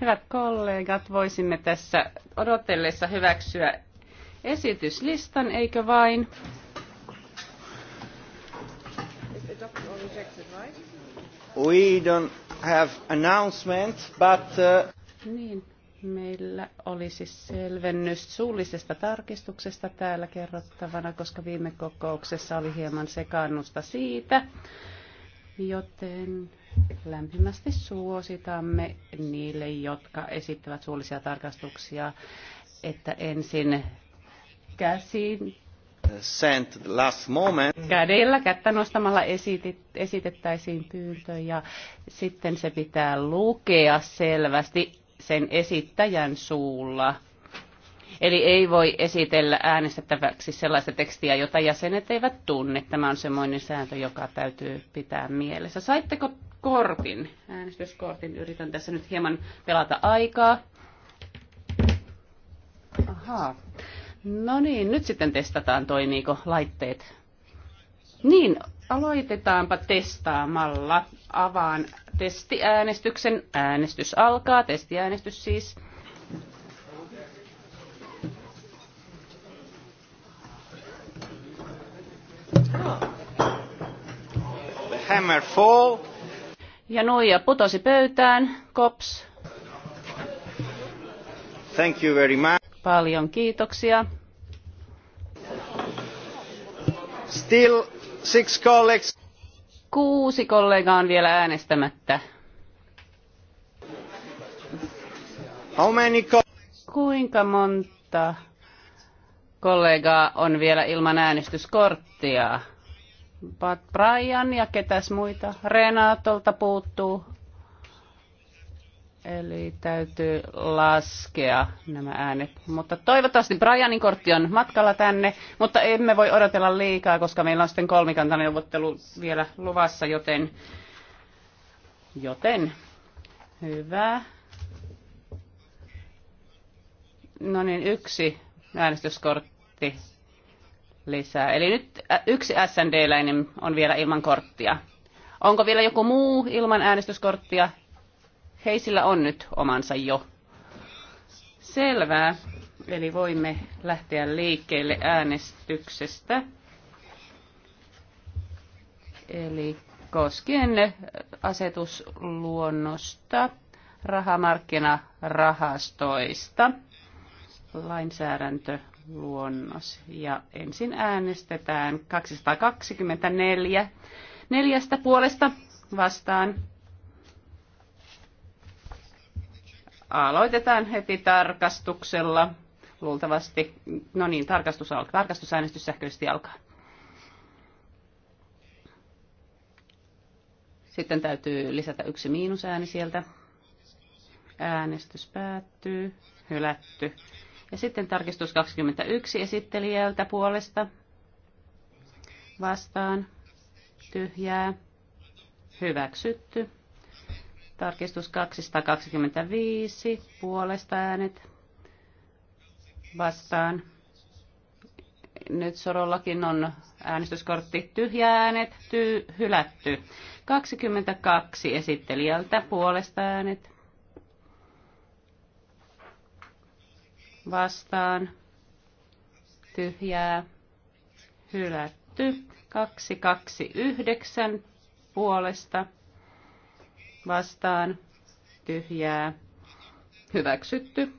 Hyvät kollegat, voisimme tässä odotellessa hyväksyä esityslistan, eikö vain? We don't have announcement, but... Uh... Niin, meillä olisi selvennys suullisesta tarkistuksesta täällä kerrottavana, koska viime kokouksessa oli hieman sekaannusta siitä, joten Lämpimästi suositamme niille, jotka esittävät suullisia tarkastuksia, että ensin käsin sent last moment. Kädellä kättä nostamalla esitit, esitettäisiin pyyntö ja sitten se pitää lukea selvästi sen esittäjän suulla. Eli ei voi esitellä äänestettäväksi sellaista tekstiä, jota jäsenet eivät tunne. Tämä on semmoinen sääntö, joka täytyy pitää mielessä. Saitteko kortin, äänestyskortin. Yritän tässä nyt hieman pelata aikaa. Ahaa. No niin, nyt sitten testataan, toimiiko laitteet. Niin, aloitetaanpa testaamalla. Avaan testiäänestyksen. Äänestys alkaa, testiäänestys siis. The hammer fall ja nuija putosi pöytään. Kops. Thank you very much. Paljon kiitoksia. Still six colleagues. Kuusi kollegaa on vielä äänestämättä. How many Kuinka monta kollegaa on vielä ilman äänestyskorttia? Pat Brian ja ketäs muita. Renatolta puuttuu. Eli täytyy laskea nämä äänet. Mutta toivottavasti Brianin kortti on matkalla tänne, mutta emme voi odotella liikaa, koska meillä on sitten kolmikantaneuvottelu vielä luvassa, joten, joten hyvä. No niin, yksi äänestyskortti lisää. Eli nyt äh, yksi SND-läinen on vielä ilman korttia. Onko vielä joku muu ilman äänestyskorttia? Heisillä on nyt omansa jo. Selvää. Eli voimme lähteä liikkeelle äänestyksestä. Eli koskien asetusluonnosta rahamarkkinarahastoista lainsäädäntö luonnos. Ja ensin äänestetään 224 neljästä puolesta vastaan. Aloitetaan heti tarkastuksella. Luultavasti, no niin, tarkastus alkaa. tarkastusäänestys sähköisesti alkaa. Sitten täytyy lisätä yksi miinusääni sieltä. Äänestys päättyy. Hylätty. Ja sitten tarkistus 21 esittelijältä puolesta vastaan tyhjää hyväksytty. Tarkistus 225 puolesta äänet vastaan. Nyt sorollakin on äänestyskortti tyhjä äänet, ty, hylätty. 22 esittelijältä puolesta äänet vastaan tyhjää hylätty. 229 puolesta vastaan tyhjää hyväksytty.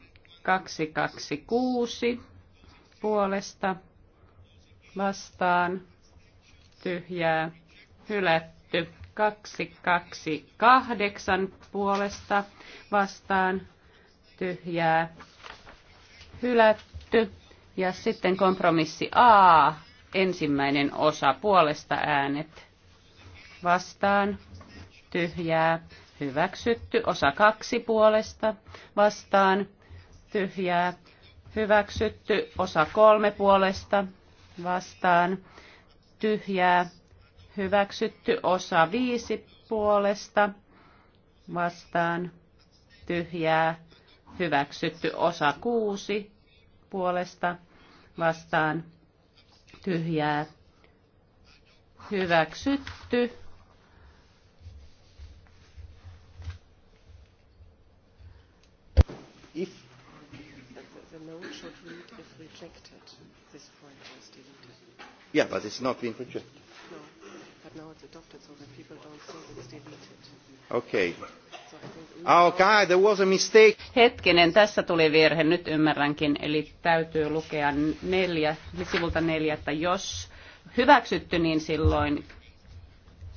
226 puolesta vastaan tyhjää hylätty. 228 puolesta vastaan tyhjää hylätty. Ja sitten kompromissi A, ensimmäinen osa puolesta äänet vastaan, tyhjää, hyväksytty. Osa kaksi puolesta vastaan, tyhjää, hyväksytty. Osa kolme puolesta vastaan, tyhjää, hyväksytty. Osa viisi puolesta vastaan, tyhjää, hyväksytty osa kuusi puolesta vastaan tyhjää hyväksytty. If the note should rejected, this point was deleted. Yeah, but it's not been rejected but now it's adopted so that people don't think it's deleted. Okay. Ah, okay, ah, there was a mistake. Hetkinen, tässä tuli virhe, nyt ymmärränkin. Eli täytyy lukea neljä, sivulta neljä, että jos hyväksytty, niin silloin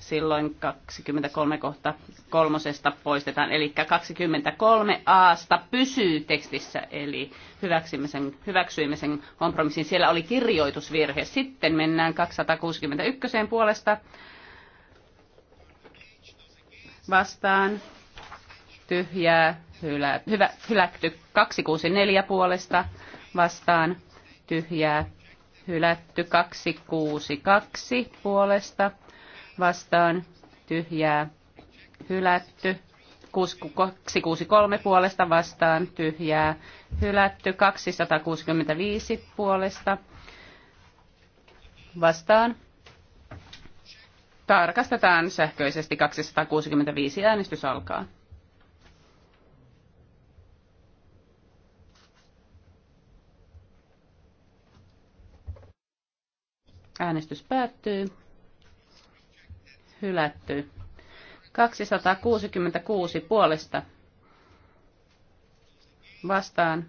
silloin 23 kohta kolmosesta poistetaan, eli 23 aasta pysyy tekstissä, eli hyväksymme sen, hyväksyimme sen kompromissin. Siellä oli kirjoitusvirhe. Sitten mennään 261 puolesta vastaan tyhjää hylä, hyvä, hylätty 264 puolesta vastaan tyhjää hylätty 262 puolesta vastaan tyhjää hylätty. 263 puolesta vastaan tyhjää hylätty. 265 puolesta vastaan. Tarkastetaan sähköisesti 265 äänestys alkaa. Äänestys päättyy hylätty. 266 puolesta vastaan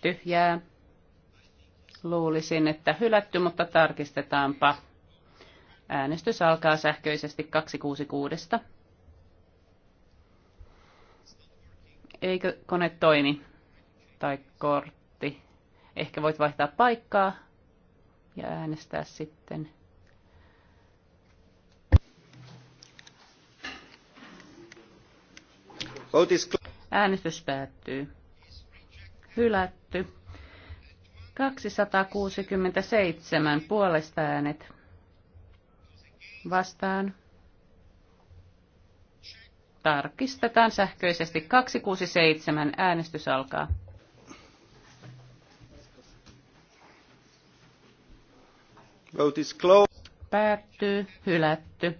tyhjää. Luulisin, että hylätty, mutta tarkistetaanpa. Äänestys alkaa sähköisesti 266. Eikö kone toimi? Tai kortti? Ehkä voit vaihtaa paikkaa ja äänestää sitten. Äänestys päättyy. Hylätty. 267 puolesta äänet. Vastaan. Tarkistetaan sähköisesti. 267 äänestys alkaa. Vote is closed. Päättyy. Hylätty.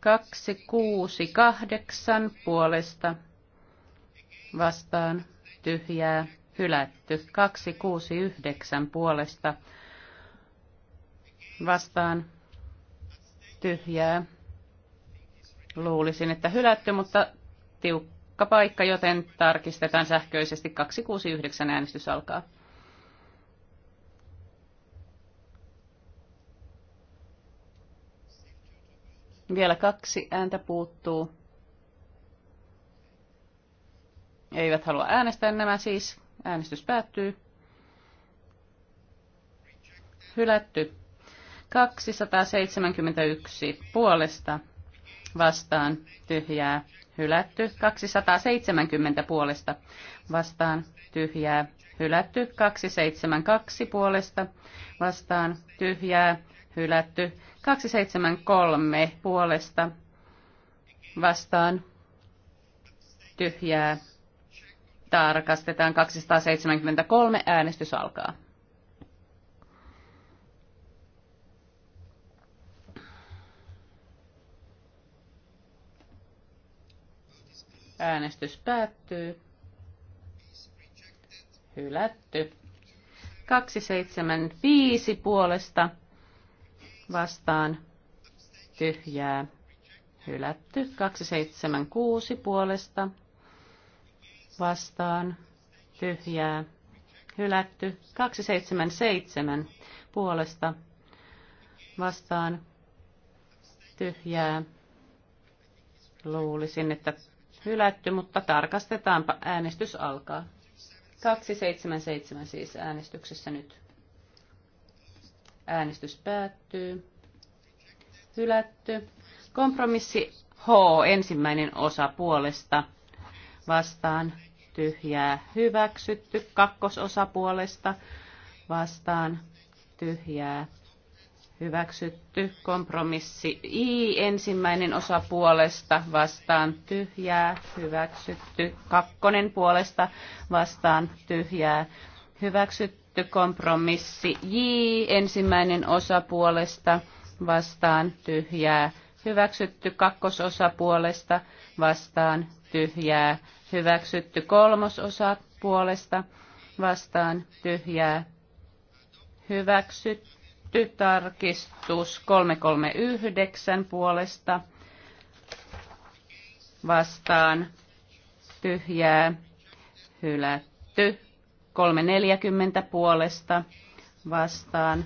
268 puolesta vastaan tyhjää hylätty. 269 puolesta vastaan tyhjää. Luulisin, että hylätty, mutta tiukka paikka, joten tarkistetaan sähköisesti. 269 äänestys alkaa. Vielä kaksi ääntä puuttuu. Eivät halua äänestää nämä siis. Äänestys päättyy. Hylätty. 271 puolesta vastaan tyhjää hylätty. 270 puolesta vastaan tyhjää hylätty. 272 puolesta vastaan tyhjää hylätty. 273 puolesta vastaan tyhjää. Tarkastetaan 273. Äänestys alkaa. Äänestys päättyy. Hylätty. 275 puolesta vastaan tyhjää hylätty. 276 puolesta vastaan tyhjää hylätty. 277 puolesta vastaan tyhjää. Luulisin, että hylätty, mutta tarkastetaanpa. Äänestys alkaa. 277 siis äänestyksessä nyt. Äänestys päättyy. Hylätty. Kompromissi H, ensimmäinen osa puolesta. Vastaan tyhjää hyväksytty. Kakkososa puolesta. Vastaan tyhjää hyväksytty. Kompromissi I, ensimmäinen osa puolesta. Vastaan tyhjää hyväksytty. Kakkonen puolesta. Vastaan tyhjää hyväksytty tehty kompromissi J, ensimmäinen osa puolesta vastaan tyhjää, hyväksytty kakkososa puolesta vastaan tyhjää, hyväksytty kolmososa puolesta vastaan tyhjää, hyväksytty tarkistus 339 puolesta vastaan tyhjää, hylätty 340 puolesta vastaan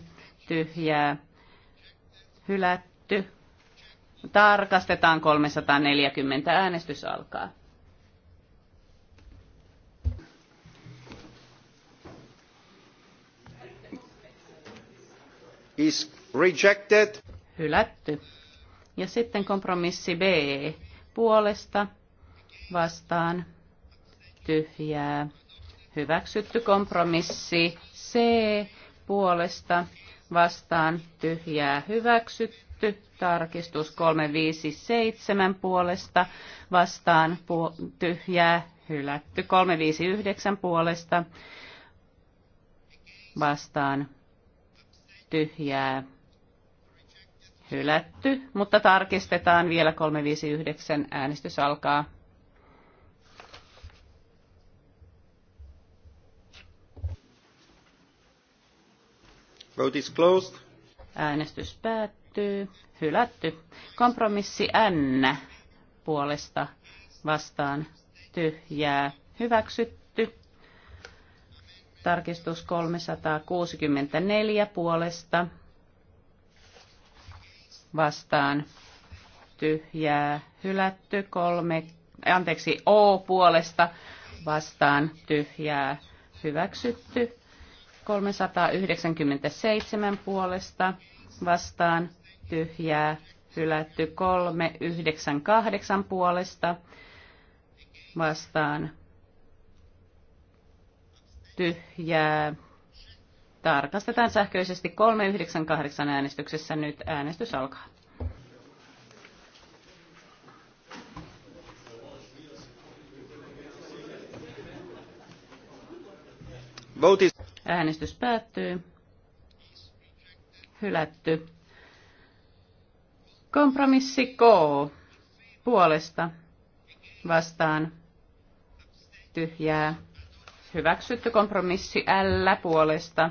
tyhjää hylätty. Tarkastetaan 340. Äänestys alkaa. Is rejected. Hylätty. Ja sitten kompromissi B puolesta vastaan tyhjää Hyväksytty kompromissi C puolesta vastaan tyhjää hyväksytty. Tarkistus 357 puolesta vastaan pu- tyhjää hylätty. 359 puolesta vastaan tyhjää hylätty, mutta tarkistetaan vielä 359 äänestys alkaa. Vote is closed. Äänestys päättyy. Hylätty. Kompromissi N puolesta vastaan tyhjää. Hyväksytty. Tarkistus 364 puolesta vastaan tyhjää. Hylätty. Kolme, anteeksi, O puolesta vastaan tyhjää. Hyväksytty. 397 puolesta vastaan tyhjää hylätty 398 puolesta vastaan tyhjää. Tarkastetaan sähköisesti 398 äänestyksessä. Nyt äänestys alkaa. Vote Äänestys päättyy. Hylätty. Kompromissi K. Puolesta. Vastaan. Tyhjää. Hyväksytty kompromissi L puolesta.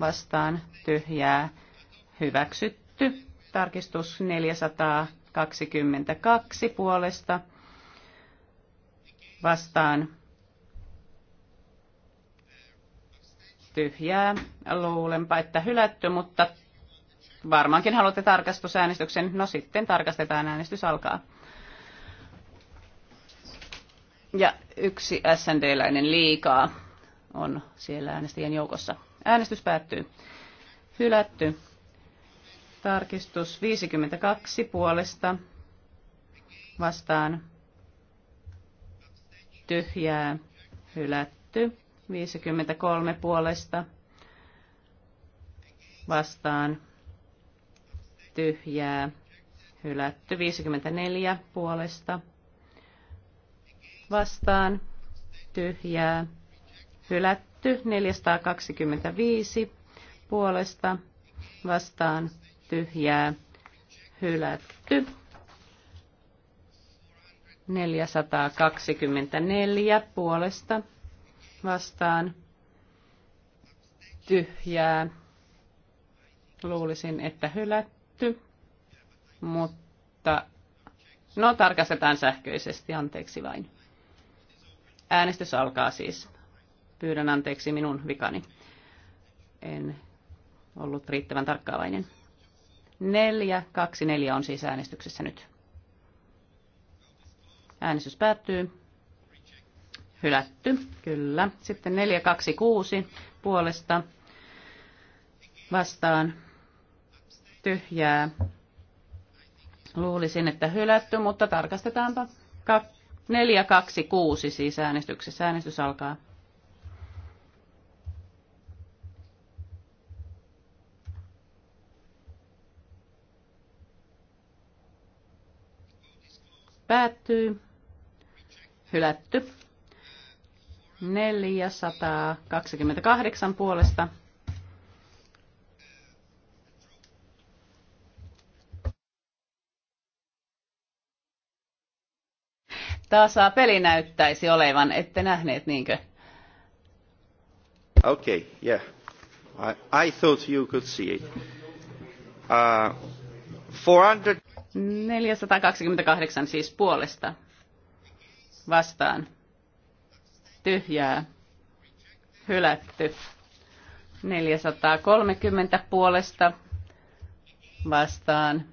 Vastaan. Tyhjää. Hyväksytty. Tarkistus 422 puolesta. Vastaan tyhjää. Luulenpa, että hylätty, mutta varmaankin haluatte tarkastusäänestyksen. No sitten tarkastetaan, äänestys alkaa. Ja yksi SND-läinen liikaa on siellä äänestäjien joukossa. Äänestys päättyy. Hylätty. Tarkistus 52 puolesta vastaan tyhjää hylätty. 53 puolesta vastaan tyhjää hylätty. 54 puolesta vastaan tyhjää hylätty. 425 puolesta vastaan tyhjää hylätty. 424 puolesta vastaan tyhjää. Luulisin, että hylätty, mutta no tarkastetaan sähköisesti, anteeksi vain. Äänestys alkaa siis. Pyydän anteeksi minun vikani. En ollut riittävän tarkkaavainen. Neljä, kaksi, neljä on siis äänestyksessä nyt. Äänestys päättyy. Hylätty, kyllä. Sitten 426 puolesta vastaan tyhjää. Luulisin, että hylätty, mutta tarkastetaanpa. 426 siis äänestyksessä. Äänestys alkaa. Päättyy. Hylätty. 428 puolesta. Tasa peli näyttäisi olevan, ette nähneet niinkö? Okay, yeah. I, I thought you could see it. Uh, 400... 428 siis puolesta vastaan tyhjää hylätty. 430 puolesta vastaan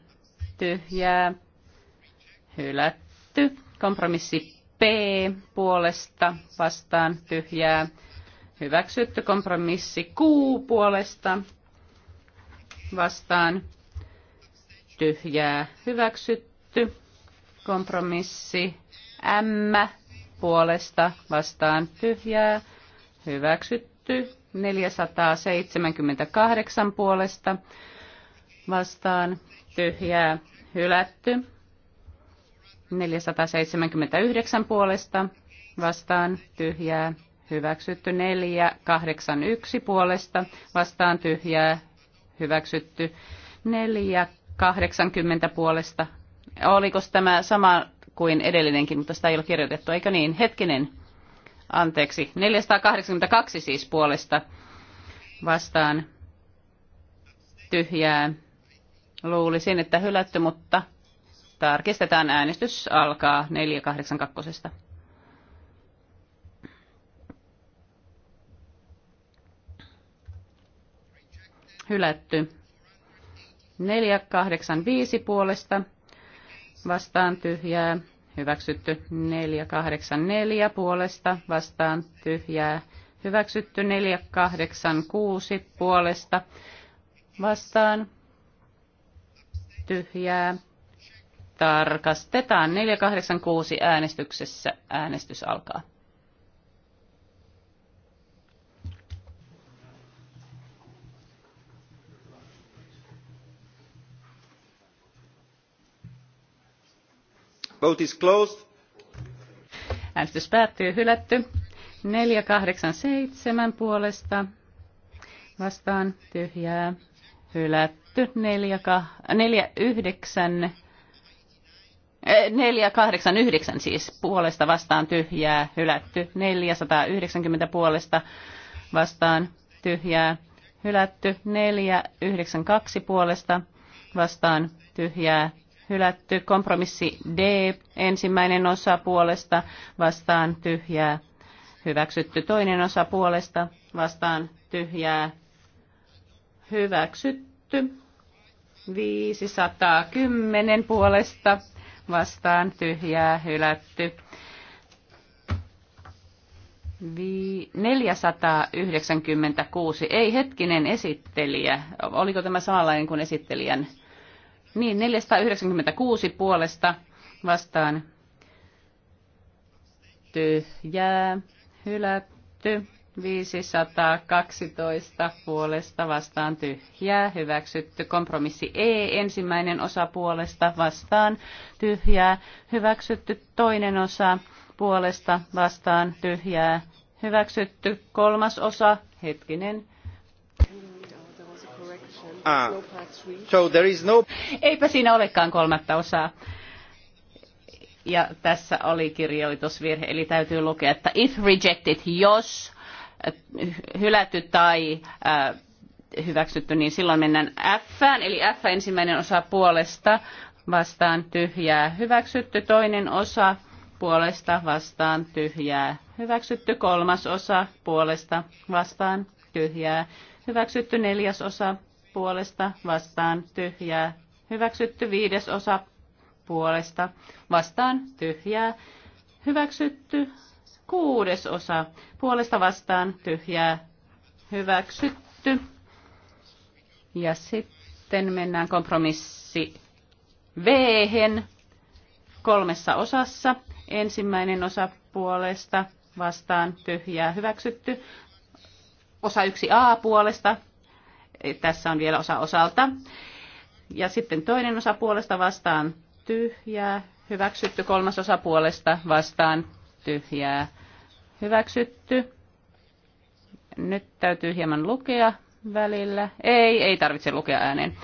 tyhjää hylätty. Kompromissi P puolesta vastaan tyhjää hyväksytty. Kompromissi Q puolesta vastaan tyhjää hyväksytty. Kompromissi M puolesta vastaan tyhjää hyväksytty. 478 puolesta vastaan tyhjää hylätty. 479 puolesta vastaan tyhjää hyväksytty. 481 puolesta vastaan tyhjää hyväksytty. 480 puolesta. Oliko tämä sama kuin edellinenkin, mutta sitä ei ole kirjoitettu, eikö niin? Hetkinen, anteeksi, 482 siis puolesta vastaan tyhjää. Luulisin, että hylätty, mutta tarkistetaan äänestys alkaa 482. Hylätty. 485 puolesta vastaan tyhjää, hyväksytty 484 puolesta vastaan tyhjää, hyväksytty 486 puolesta vastaan tyhjää. Tarkastetaan 486 äänestyksessä. Äänestys alkaa. Vote is closed. Äänestys päättyy. Hylätty. 487 puolesta. Vastaan tyhjää. Hylätty. 49. 489 eh, siis puolesta vastaan tyhjää, hylätty. 490 puolesta vastaan tyhjää, hylätty. 492 puolesta vastaan tyhjää, hylätty. Kompromissi D, ensimmäinen osa puolesta vastaan tyhjää, hyväksytty. Toinen osa puolesta vastaan tyhjää, hyväksytty. 510 puolesta vastaan tyhjää, hylätty. 496, ei hetkinen esittelijä, oliko tämä samanlainen kuin esittelijän niin, 496 puolesta vastaan tyhjää, hylätty. 512 puolesta vastaan tyhjää, hyväksytty. Kompromissi E, ensimmäinen osa puolesta vastaan tyhjää, hyväksytty. Toinen osa puolesta vastaan tyhjää, hyväksytty. Kolmas osa, hetkinen, Ah. So there is no... Eipä siinä olekaan kolmatta osaa. Ja tässä oli kirjoitusvirhe, eli täytyy lukea, että if rejected, jos äh, hylätty tai äh, hyväksytty, niin silloin mennään F, eli F ensimmäinen osa puolesta vastaan tyhjää hyväksytty, toinen osa puolesta vastaan tyhjää hyväksytty, kolmas osa puolesta vastaan tyhjää hyväksytty, neljäs osa puolesta vastaan tyhjää. Hyväksytty viides osa puolesta vastaan tyhjää. Hyväksytty kuudes osa puolesta vastaan tyhjää. Hyväksytty. Ja sitten mennään kompromissi v kolmessa osassa. Ensimmäinen osa puolesta vastaan tyhjää hyväksytty. Osa 1a puolesta tässä on vielä osa osalta. Ja sitten toinen osa puolesta vastaan tyhjää, hyväksytty. Kolmas osa puolesta vastaan tyhjää, hyväksytty. Nyt täytyy hieman lukea välillä. Ei, ei tarvitse lukea ääneen.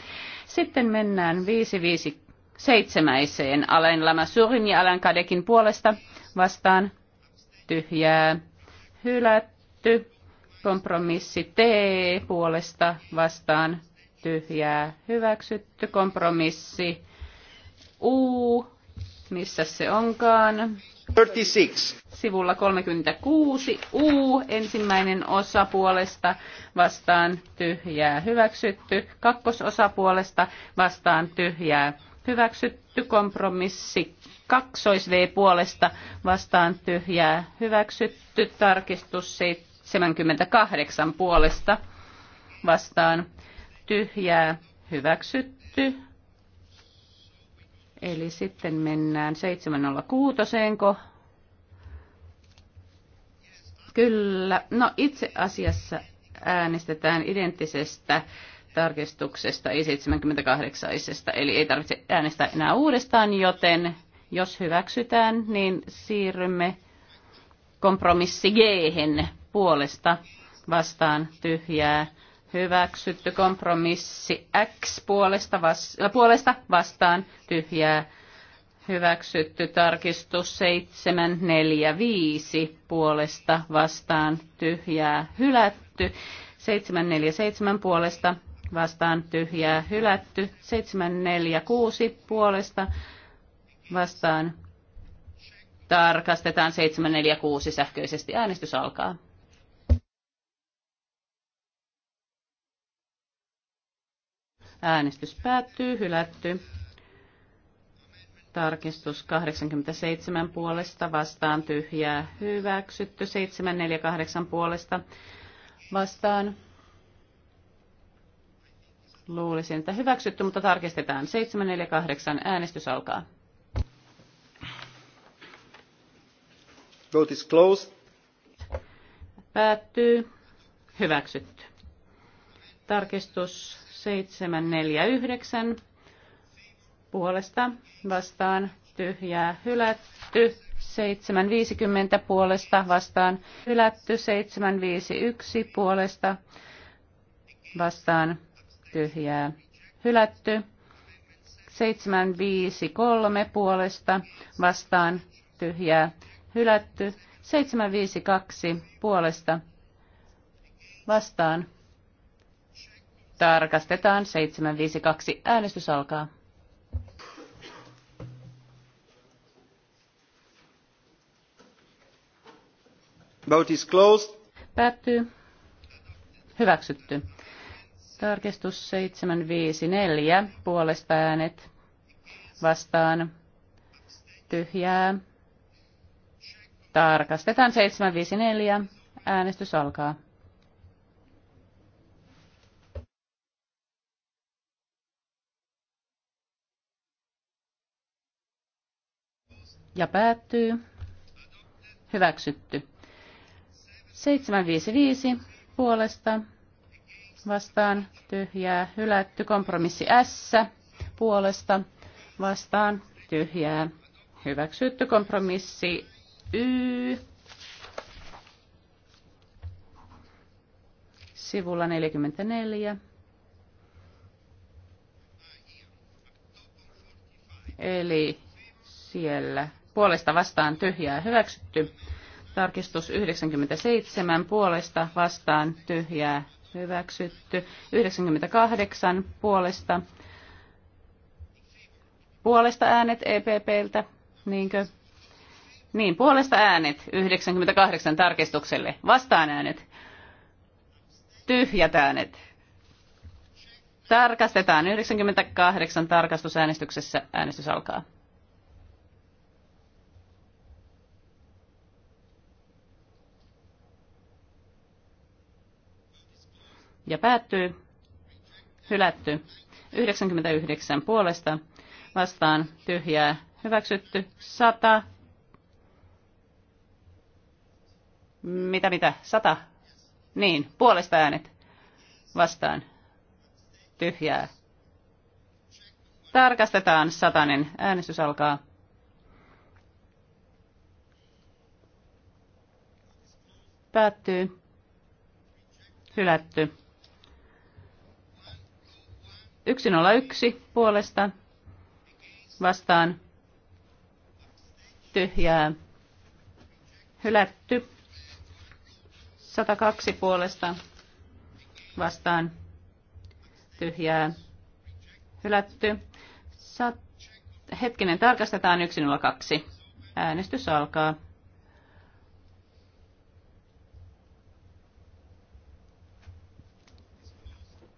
Sitten mennään 557 Alain Lama Surin ja Alain Kadekin puolesta vastaan tyhjää, hylätty. Kompromissi T puolesta vastaan tyhjää hyväksytty. Kompromissi U, missä se onkaan? 36. Sivulla 36 U, ensimmäinen osa puolesta vastaan tyhjää hyväksytty. Kakkososa puolesta vastaan tyhjää hyväksytty. Kompromissi kaksois V puolesta vastaan tyhjää hyväksytty. Tarkistus 7 78 puolesta vastaan tyhjää hyväksytty. Eli sitten mennään 706 ko. Kyllä. No itse asiassa äänestetään identtisestä tarkistuksesta, ei 78 eli ei tarvitse äänestää enää uudestaan, joten jos hyväksytään, niin siirrymme kompromissi G puolesta vastaan tyhjää hyväksytty. Kompromissi X puolesta, vas, äh, puolesta vastaan tyhjää hyväksytty. Tarkistus 745 puolesta vastaan tyhjää hylätty. 747 puolesta vastaan tyhjää hylätty. 746 puolesta vastaan tarkastetaan 746 sähköisesti. Äänestys alkaa. Äänestys päättyy, hylätty. Tarkistus 87 puolesta, vastaan tyhjää, hyväksytty. 748 puolesta, vastaan. Luulisin, että hyväksytty, mutta tarkistetaan. 748 äänestys alkaa. Vote is closed. Päättyy. Hyväksytty. Tarkistus 749 puolesta vastaan tyhjää hylätty. 750 puolesta vastaan hylätty. 751 puolesta vastaan tyhjää hylätty. 753 puolesta vastaan tyhjää hylätty. 752 puolesta vastaan Tarkastetaan 752. Äänestys alkaa. Vote is closed. Päättyy. Hyväksytty. Tarkistus 754. Puolesta äänet. Vastaan. Tyhjää. Tarkastetaan 754. Äänestys alkaa. ja päättyy. Hyväksytty. 755 puolesta vastaan tyhjää hylätty. Kompromissi S puolesta vastaan tyhjää hyväksytty. Kompromissi Y sivulla 44. Eli siellä puolesta vastaan tyhjää hyväksytty. Tarkistus 97 puolesta vastaan tyhjää hyväksytty. 98 puolesta puolesta äänet EPPltä, niinkö? Niin, puolesta äänet 98 tarkistukselle. Vastaan äänet. Tyhjät äänet. Tarkastetaan 98 tarkastusäänestyksessä. Äänestys alkaa. ja päättyy. Hylätty. 99 puolesta vastaan tyhjää hyväksytty. 100. Mitä mitä? 100. Niin, puolesta äänet vastaan tyhjää. Tarkastetaan satanen. Äänestys alkaa. Päättyy. Hylätty. 101 puolesta vastaan tyhjää hylätty. 102 puolesta vastaan tyhjää hylätty. Sat... Hetkinen, tarkastetaan 102. Äänestys alkaa.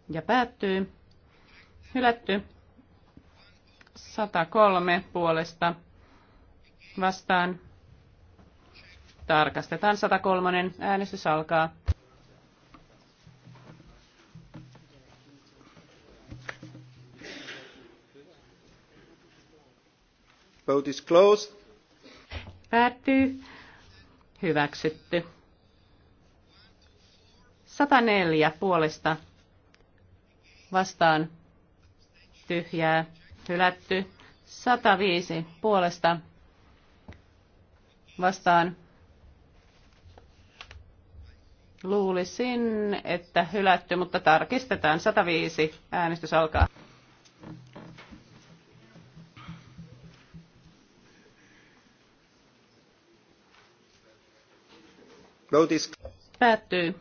Ja päättyy. Hylätty. 103 puolesta vastaan. Tarkastetaan 103. Äänestys alkaa. Vote is closed. Päättyy. Hyväksytty. 104 puolesta vastaan tyhjää, hylätty. 105 puolesta vastaan. Luulisin, että hylätty, mutta tarkistetaan. 105. Äänestys alkaa. Päättyy.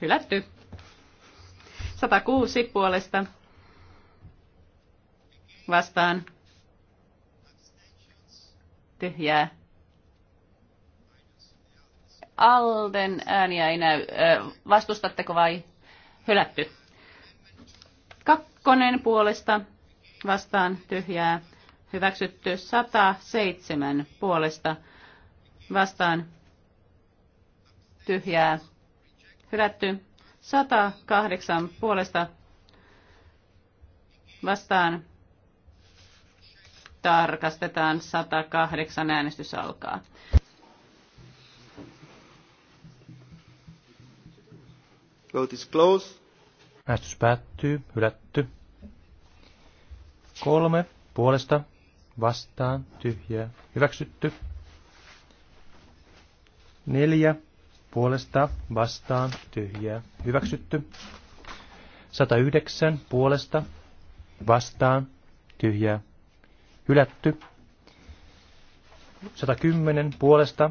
Hylätty. 106 puolesta vastaan tyhjää. Alden ääniä ei näy. Vastustatteko vai hylätty? Kakkonen puolesta vastaan tyhjää. Hyväksytty 107 puolesta vastaan tyhjää. Hylätty 108 puolesta vastaan tarkastetaan 108 äänestys alkaa. Vote is closed. Äänestys päättyy, hylätty. Kolme puolesta, vastaan, tyhjää, hyväksytty. Neljä puolesta, vastaan, tyhjää, hyväksytty. 109 puolesta, vastaan, tyhjää, hylätty. 110 puolesta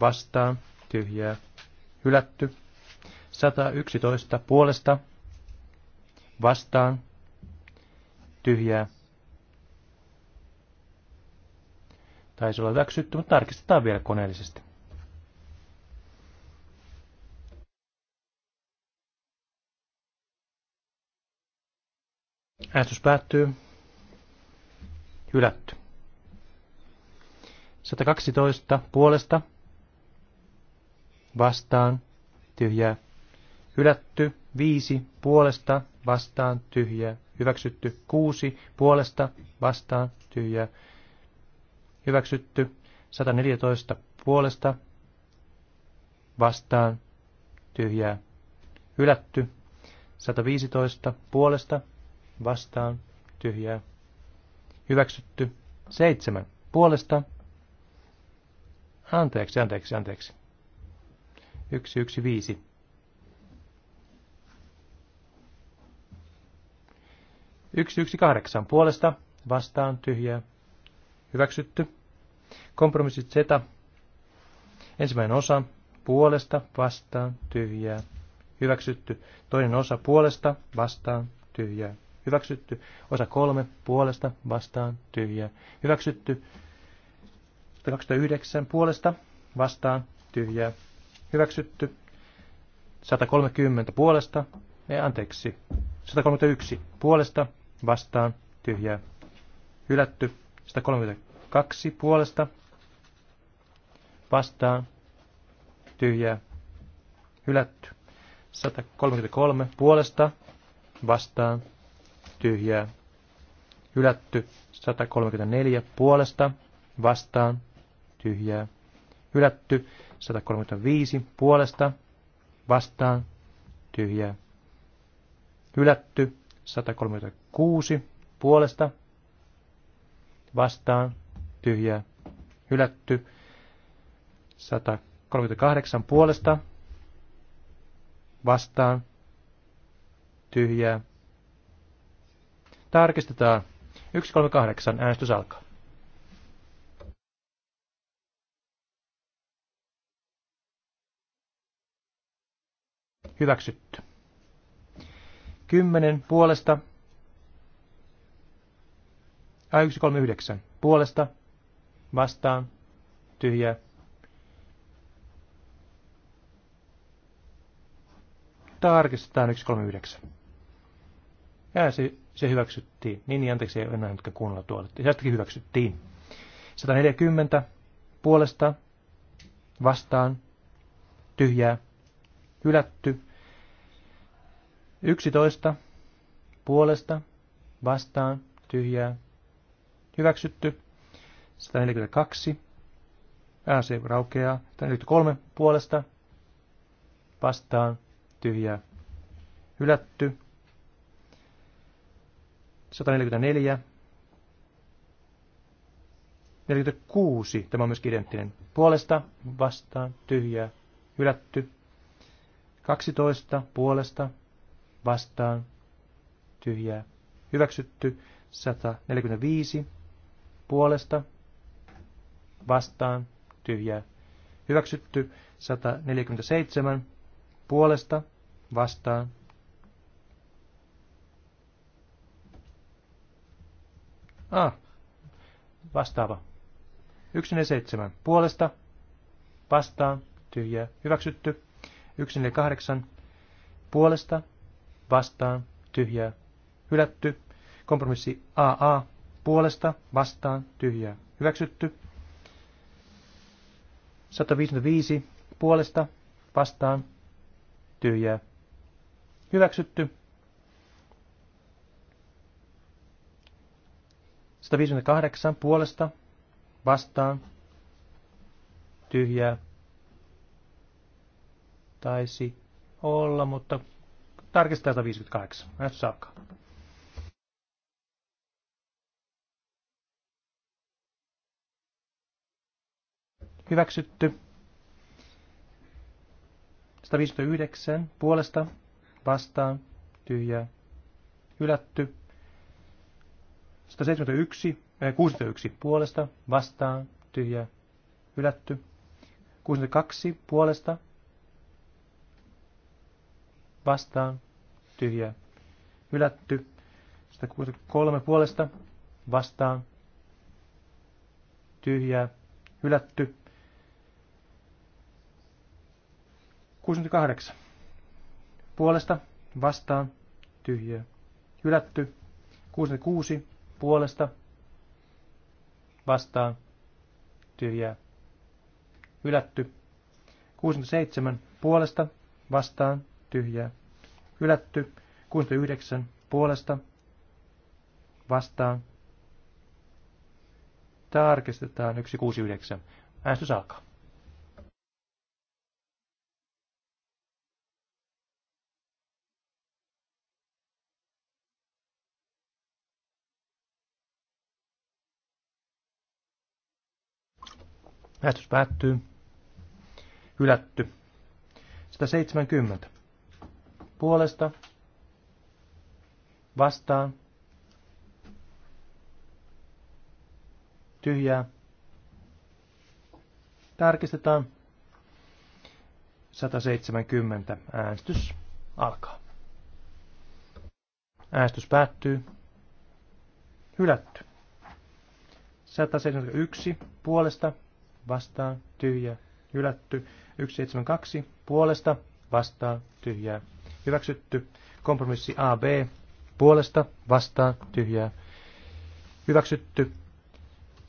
vastaan tyhjää hylätty. 111 puolesta vastaan tyhjää. Taisi olla hyväksytty, mutta tarkistetaan vielä koneellisesti. Äänestys päättyy hylätty. 112 puolesta vastaan tyhjää hylätty. 5 puolesta vastaan tyhjää hyväksytty. 6 puolesta vastaan tyhjää hyväksytty. 114 puolesta vastaan tyhjää hylätty. 115 puolesta vastaan tyhjää Hyväksytty. Seitsemän. Puolesta. Anteeksi, anteeksi, anteeksi. Yksi, yksi, viisi. Yksi, yksi, kahdeksan. Puolesta. Vastaan. Tyhjää. Hyväksytty. Kompromissit Z. Ensimmäinen osa. Puolesta. Vastaan. Tyhjää. Hyväksytty. Toinen osa. Puolesta. Vastaan. Tyhjää hyväksytty. Osa kolme puolesta vastaan tyhjää, hyväksytty. 129 puolesta vastaan tyhjää, hyväksytty. 130 puolesta, ei eh, anteeksi, 131 puolesta vastaan tyhjää, hylätty. 132 puolesta vastaan tyhjää, hylätty. 133 puolesta vastaan tyhjää hylätty. 134 puolesta vastaan tyhjää hylätty. 135 puolesta vastaan tyhjää hylätty. 136 puolesta vastaan tyhjää hylätty. 138 puolesta vastaan tyhjää Tarkistetaan. 138. Äänestys alkaa. Hyväksytty. 10 puolesta. Ai 139. Puolesta. Vastaan. Tyhjä. Tarkistetaan 139. Ääsi se hyväksyttiin. Niin, niin anteeksi, en nähnyt kuunnella tuolla. Tästäkin hyväksyttiin. 140 puolesta vastaan tyhjää hylätty. 11 puolesta vastaan tyhjää hyväksytty. 142 ääsi raukeaa. 143 puolesta vastaan tyhjää hylätty. 144, 46, tämä on myöskin identtinen. Puolesta, vastaan, tyhjää, hylätty. 12, puolesta, vastaan, tyhjää, hyväksytty. 145, puolesta, vastaan, tyhjää, hyväksytty. 147, puolesta, vastaan, Ah, vastaava. 147. Puolesta. Vastaan. tyhjä Hyväksytty. 148. Puolesta. Vastaan. tyhjä Hylätty. Kompromissi AA. Puolesta. Vastaan. tyhjä Hyväksytty. 155. Puolesta. Vastaan. tyhjä Hyväksytty. 158 puolesta vastaan tyhjää taisi olla, mutta tarkistetaan 158. Äänestys saakka. Hyväksytty. 159 puolesta vastaan tyhjää hylätty. 171, äh, 61 puolesta, vastaan, tyhjä, hylätty. 62 puolesta, vastaan, tyhjä, hylätty. 163 puolesta, vastaan, tyhjä, hylätty. 68. Puolesta, vastaan, tyhjä, hylätty. 66 puolesta vastaan tyhjää hylätty. 67 puolesta vastaan tyhjää hylätty. 69 puolesta vastaan tarkistetaan 169. Äänestys alkaa. Äästys päättyy. Hylätty. 170. Puolesta. Vastaan. Tyhjää. Tarkistetaan. 170. Äänestys alkaa. Äänestys päättyy. Hylätty. 171 puolesta vastaan, tyhjä, hylätty. 172 puolesta, vastaan, tyhjää, hyväksytty. Kompromissi AB puolesta, vastaan, tyhjää, hyväksytty.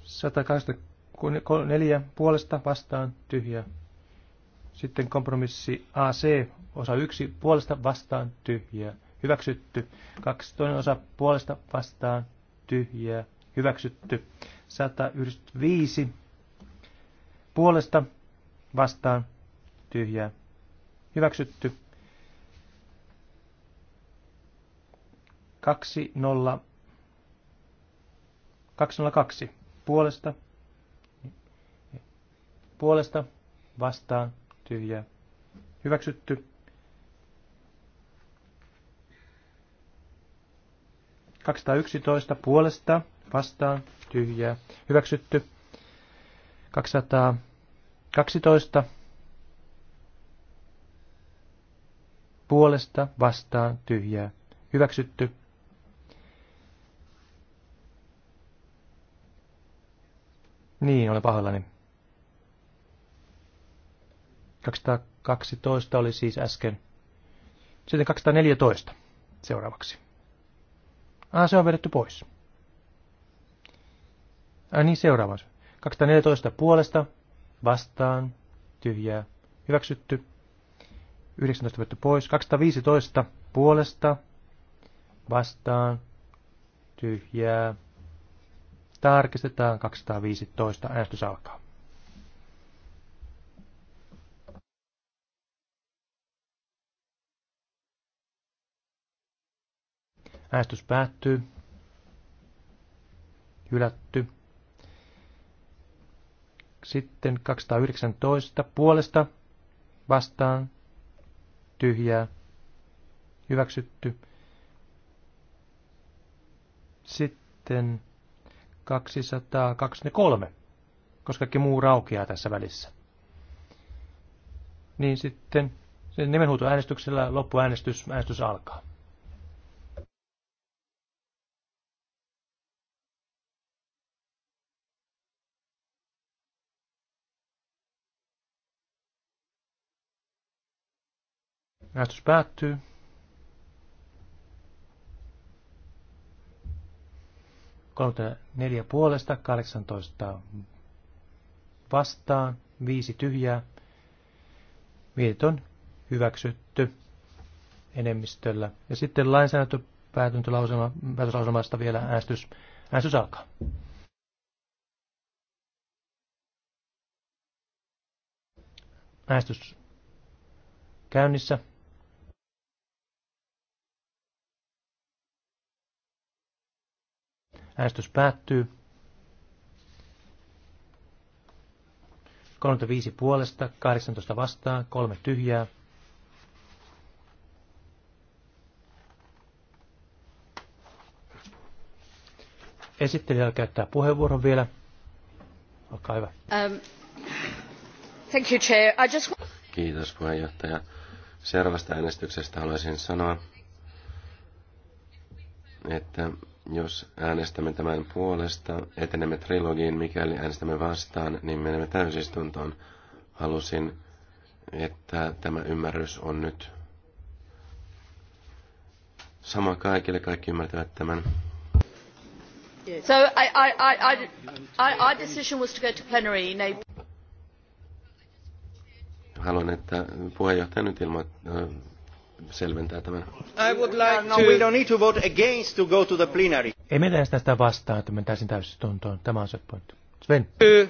184 puolesta, vastaan, tyhjää. Sitten kompromissi AC, osa 1, puolesta, vastaan, tyhjää, hyväksytty. Kaksi, toinen osa puolesta, vastaan, tyhjää, hyväksytty. 195 puolesta vastaan tyhjää hyväksytty. 202 puolesta puolesta vastaan tyhjää hyväksytty. 211 puolesta vastaan tyhjää hyväksytty. 200 12 puolesta vastaan tyhjää. Hyväksytty. Niin, olen pahoillani. 212 oli siis äsken. Sitten 214 seuraavaksi. Ah, se on vedetty pois. Ah niin, seuraavaksi. 214 puolesta vastaan, tyhjää, hyväksytty. 19 vettä pois. 215 puolesta, vastaan, tyhjää. Tarkistetaan 215. Äänestys alkaa. Äänestys päättyy. Hylätty. Sitten 219 puolesta vastaan tyhjää hyväksytty. Sitten 223, koska kaikki muu raukeaa tässä välissä. Niin sitten nimenhuutoäänestyksellä loppuäänestys äänestys alkaa. Äänestys päättyy. neljä puolesta, 18 vastaan, viisi tyhjää. Mietit on hyväksytty enemmistöllä. Ja sitten päätöslauselmasta vielä äänestys, äänestys alkaa. Äänestys käynnissä. Äänestys päättyy. 35 puolesta, 18 vastaan, 3 tyhjää. Esittelijä käyttää puheenvuoron vielä. Olkaa hyvä. Um, thank you, Chair. I just... Kiitos puheenjohtaja. Seuraavasta äänestyksestä haluaisin sanoa, että jos äänestämme tämän puolesta, etenemme trilogiin. Mikäli äänestämme vastaan, niin menemme täysistuntoon. Halusin, että tämä ymmärrys on nyt sama kaikille. Kaikki ymmärtävät tämän. So I, I, I, I, our decision was to go to plenary Haluan, että puheenjohtaja nyt ilmoittaa äh, selventää tämän. I would like to... No, we don't need to vote against to go to the plenary. Ei me tästä sitä vastaan, että mentäisiin täysistuntoon. Tämä on se pointti. Sven. Uh,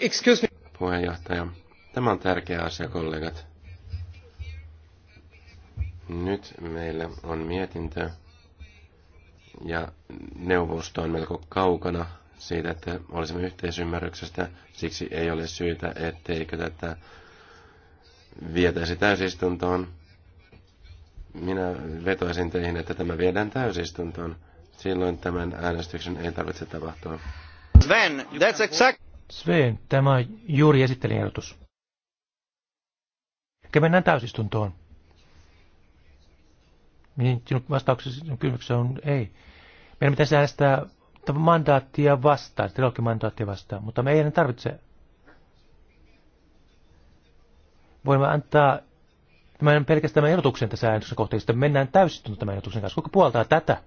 excuse me. Puheenjohtaja. Tämä on tärkeä asia, kollegat. Nyt meillä on mietintö ja neuvosto on melko kaukana siitä, että olisimme yhteisymmärryksestä. Siksi ei ole syytä, etteikö tätä vietäisi täysistuntoon minä vetoisin teihin, että tämä viedään täysistuntoon. Silloin tämän äänestyksen ei tarvitse tapahtua. Sven, that's exact... Sven, tämä on juuri esittelin ehdotus. Mennään täysistuntoon. Niin sinun vastauksesi kysymykseen on ei. Meidän pitäisi äänestää mandaattia vastaan, mandaattia vastaan, mutta me ei tarvitse. Voimme antaa Tämä on pelkästään tämän ehdotuksen tässä äänestyksen sitten mennään täysistuntoon tämän ehdotuksen kanssa. Kuka puoltaa tätä?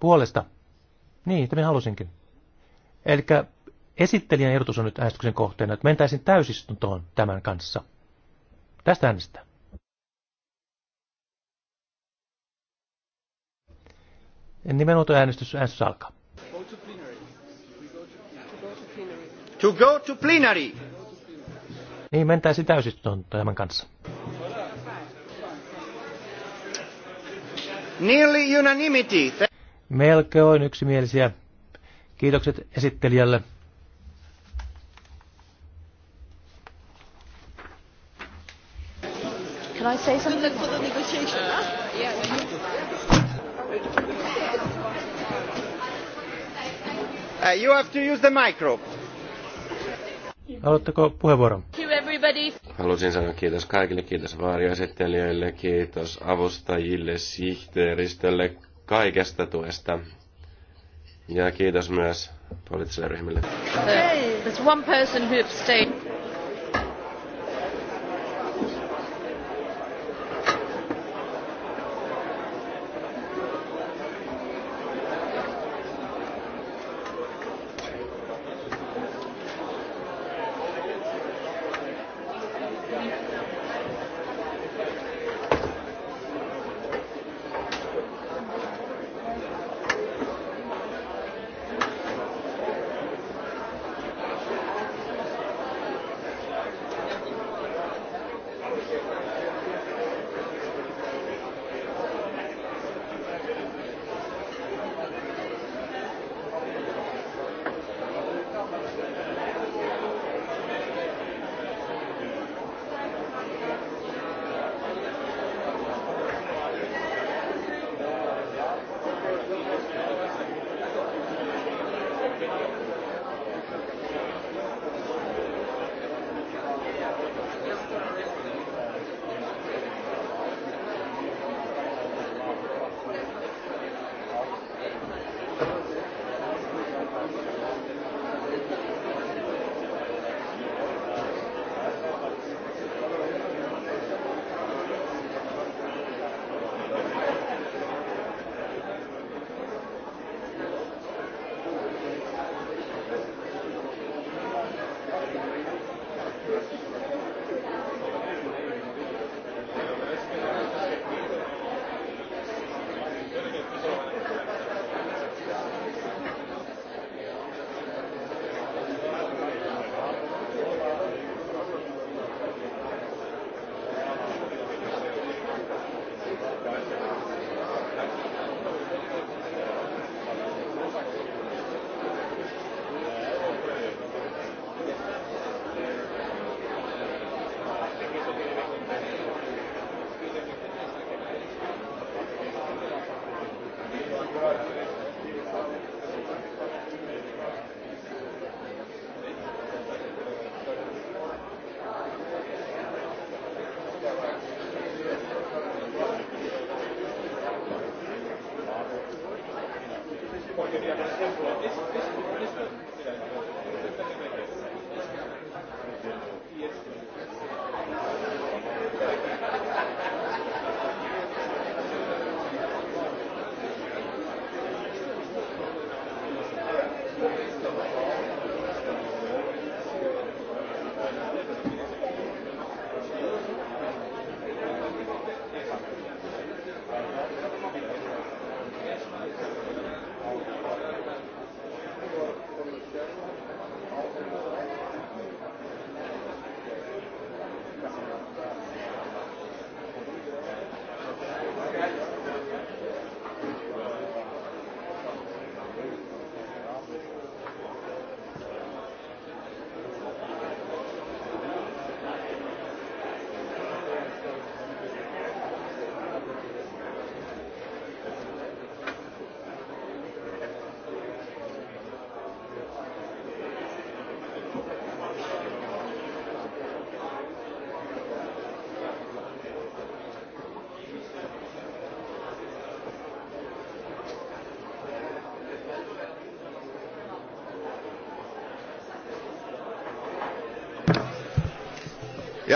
Puolesta. Niin, mitä minä halusinkin. Eli esittelijän ehdotus on nyt äänestyksen kohteena, että mentäisin täysistuntoon tämän kanssa. Tästä äänestää. Nimenomaan äänestys, äänestys alkaa. To go to plenary. Niin mentäisi täysistuntoon tämän kanssa. Nearly unanimity. Melkein yksimielisiä. Kiitokset esittelijälle. Can I say something? For the negotiation. Uh, yeah, yeah. Uh, you have to use the micro. Haluatteko puheenvuoron? everybody. Halusin sanoa kiitos kaikille, kiitos varjoesittelijöille, kiitos avustajille, sihteeristölle, kaikesta tuesta. Ja kiitos myös poliittiselle ryhmille. Hey. There's one person who abstained.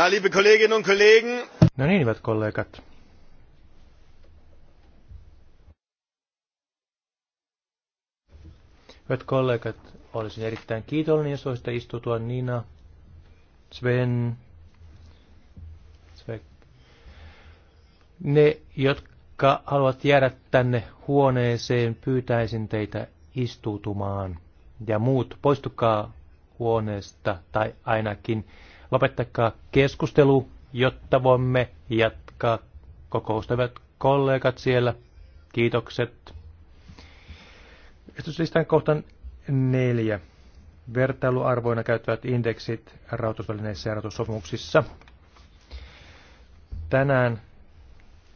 Ja, liebe Kolleginnen und Kollegen. No niin, hyvät kollegat. Hyvät kollegat, olisin erittäin kiitollinen, jos olisitte istutua Nina, Sven, Sven. Ne, jotka haluat jäädä tänne huoneeseen, pyytäisin teitä istutumaan Ja muut, poistukaa huoneesta tai ainakin lopettakaa keskustelu, jotta voimme jatkaa kokousta. Hyvät kollegat siellä, kiitokset. Esityslistan kohtan neljä. Vertailuarvoina käyttävät indeksit rahoitusvälineissä ja rahoitussopimuksissa. Tänään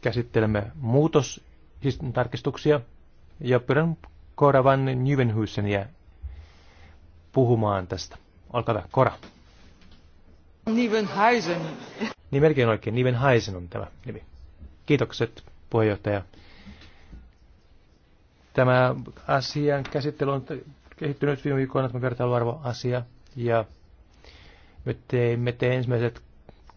käsittelemme muutos, siis tarkistuksia, ja pyydän Kora van Nieuwenhuisenia puhumaan tästä. Olkaa hyvä, Kora. Nivenhaisen. Niin melkein oikein. Nivenhaisen on tämä nimi. Kiitokset puheenjohtaja. Tämä asian käsittely on kehittynyt viime viikkoina tämä vertailuarvoasia ja me teimme te ensimmäiset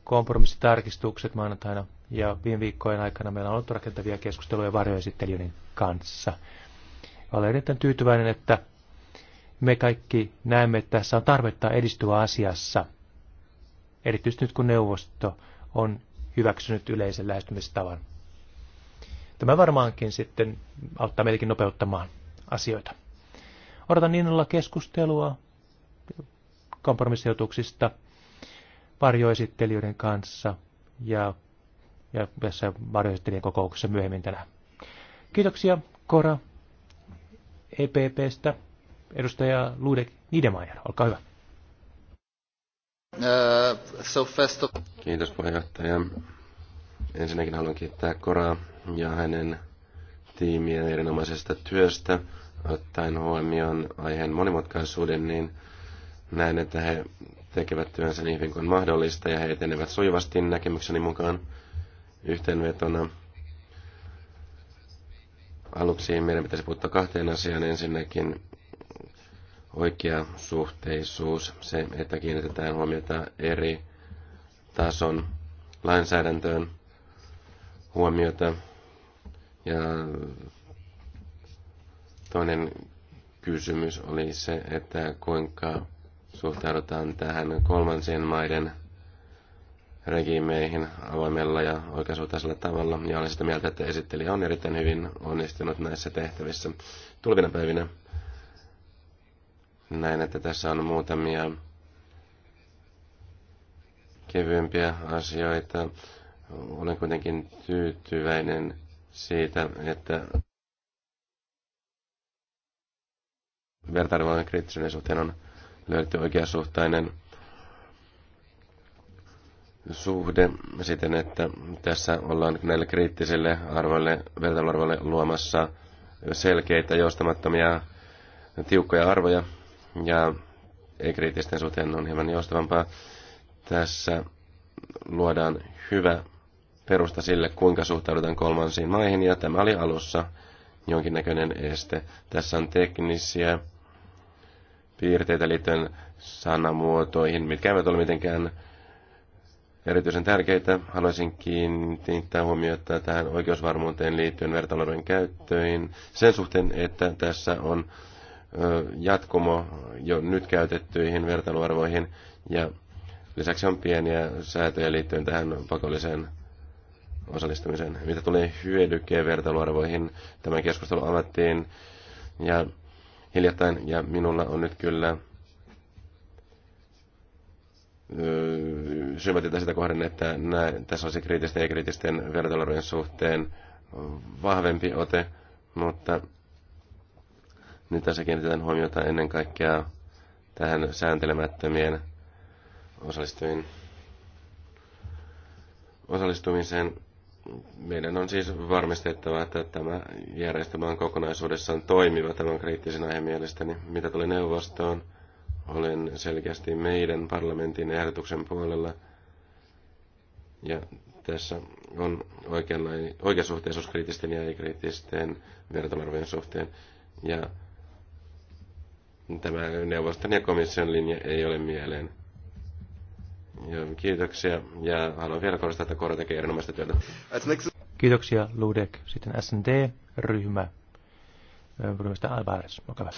kompromissitarkistukset maanantaina ja viime viikkojen aikana meillä on ollut rakentavia keskusteluja varjoesittelijöiden kanssa. Olen erittäin tyytyväinen, että me kaikki näemme, että tässä on tarvetta edistyä asiassa – erityisesti nyt kun neuvosto on hyväksynyt yleisen lähestymistavan. Tämä varmaankin sitten auttaa meitäkin nopeuttamaan asioita. Odotan niin olla keskustelua kompromissijoituksista varjoesittelijöiden kanssa ja, ja tässä varjoesittelijän kokouksessa myöhemmin tänään. Kiitoksia Kora EPPstä, edustaja Ludek Niedemeyer, olkaa hyvä. Uh, so Kiitos puheenjohtaja. Ensinnäkin haluan kiittää Koraa ja hänen tiimiä erinomaisesta työstä. Ottaen huomioon aiheen monimutkaisuuden, niin näen, että he tekevät työnsä niin hyvin kuin mahdollista ja he etenevät sujuvasti näkemykseni mukaan yhteenvetona. Aluksi meidän pitäisi puuttua kahteen asiaan. Ensinnäkin oikea suhteisuus, se, että kiinnitetään huomiota eri tason lainsäädäntöön huomiota. Ja toinen kysymys oli se, että kuinka suhtaudutaan tähän kolmansien maiden regimeihin avoimella ja oikeasuhtaisella tavalla. Ja olen sitä mieltä, että esittelijä on erittäin hyvin onnistunut näissä tehtävissä. Tulvina päivinä näin, että tässä on muutamia kevyempiä asioita. Olen kuitenkin tyytyväinen siitä, että vertailuvallan kriittisyyden suhteen on löydetty oikeasuhtainen suhde siten, että tässä ollaan näille kriittisille arvoille, vertailuarvoille luomassa selkeitä, joustamattomia, tiukkoja arvoja, ja ei-kriittisten suhteen on hieman joustavampaa. Tässä luodaan hyvä perusta sille, kuinka suhtaudutaan kolmansiin maihin, ja tämä oli alussa jonkinnäköinen este. Tässä on teknisiä piirteitä liittyen sanamuotoihin, mitkä eivät ole mitenkään erityisen tärkeitä. Haluaisin kiinnittää huomiota tähän oikeusvarmuuteen liittyen vertailuiden käyttöihin sen suhteen, että tässä on jatkumo jo nyt käytettyihin vertailuarvoihin ja lisäksi on pieniä säätöjä liittyen tähän pakolliseen osallistumiseen. Mitä tulee hyödykkeen vertailuarvoihin, tämä keskustelu avattiin ja hiljattain ja minulla on nyt kyllä sympatita sitä kohden, että nää, tässä olisi kriittisten ja kriittisten vertailuarvojen suhteen vahvempi ote, mutta nyt tässä kiinnitetään huomiota ennen kaikkea tähän sääntelemättömien osallistujien osallistumiseen. Meidän on siis varmistettava, että tämä järjestelmä on kokonaisuudessaan toimiva tämän kriittisen aiheen mielestäni. Mitä tuli neuvostoon, olen selkeästi meidän parlamentin ehdotuksen puolella. Ja tässä on oikeasuhteisuus kriittisten ja ei-kriittisten vertailuarvojen suhteen. Ja Tämä neuvoston ja komission linja ei ole mieleen. Joo, kiitoksia ja haluan vielä korostaa, että Kora tekee erinomaista työtä. Kiitoksia Ludek. Sitten SND-ryhmä. Ryhmästä Alvarez, olkaa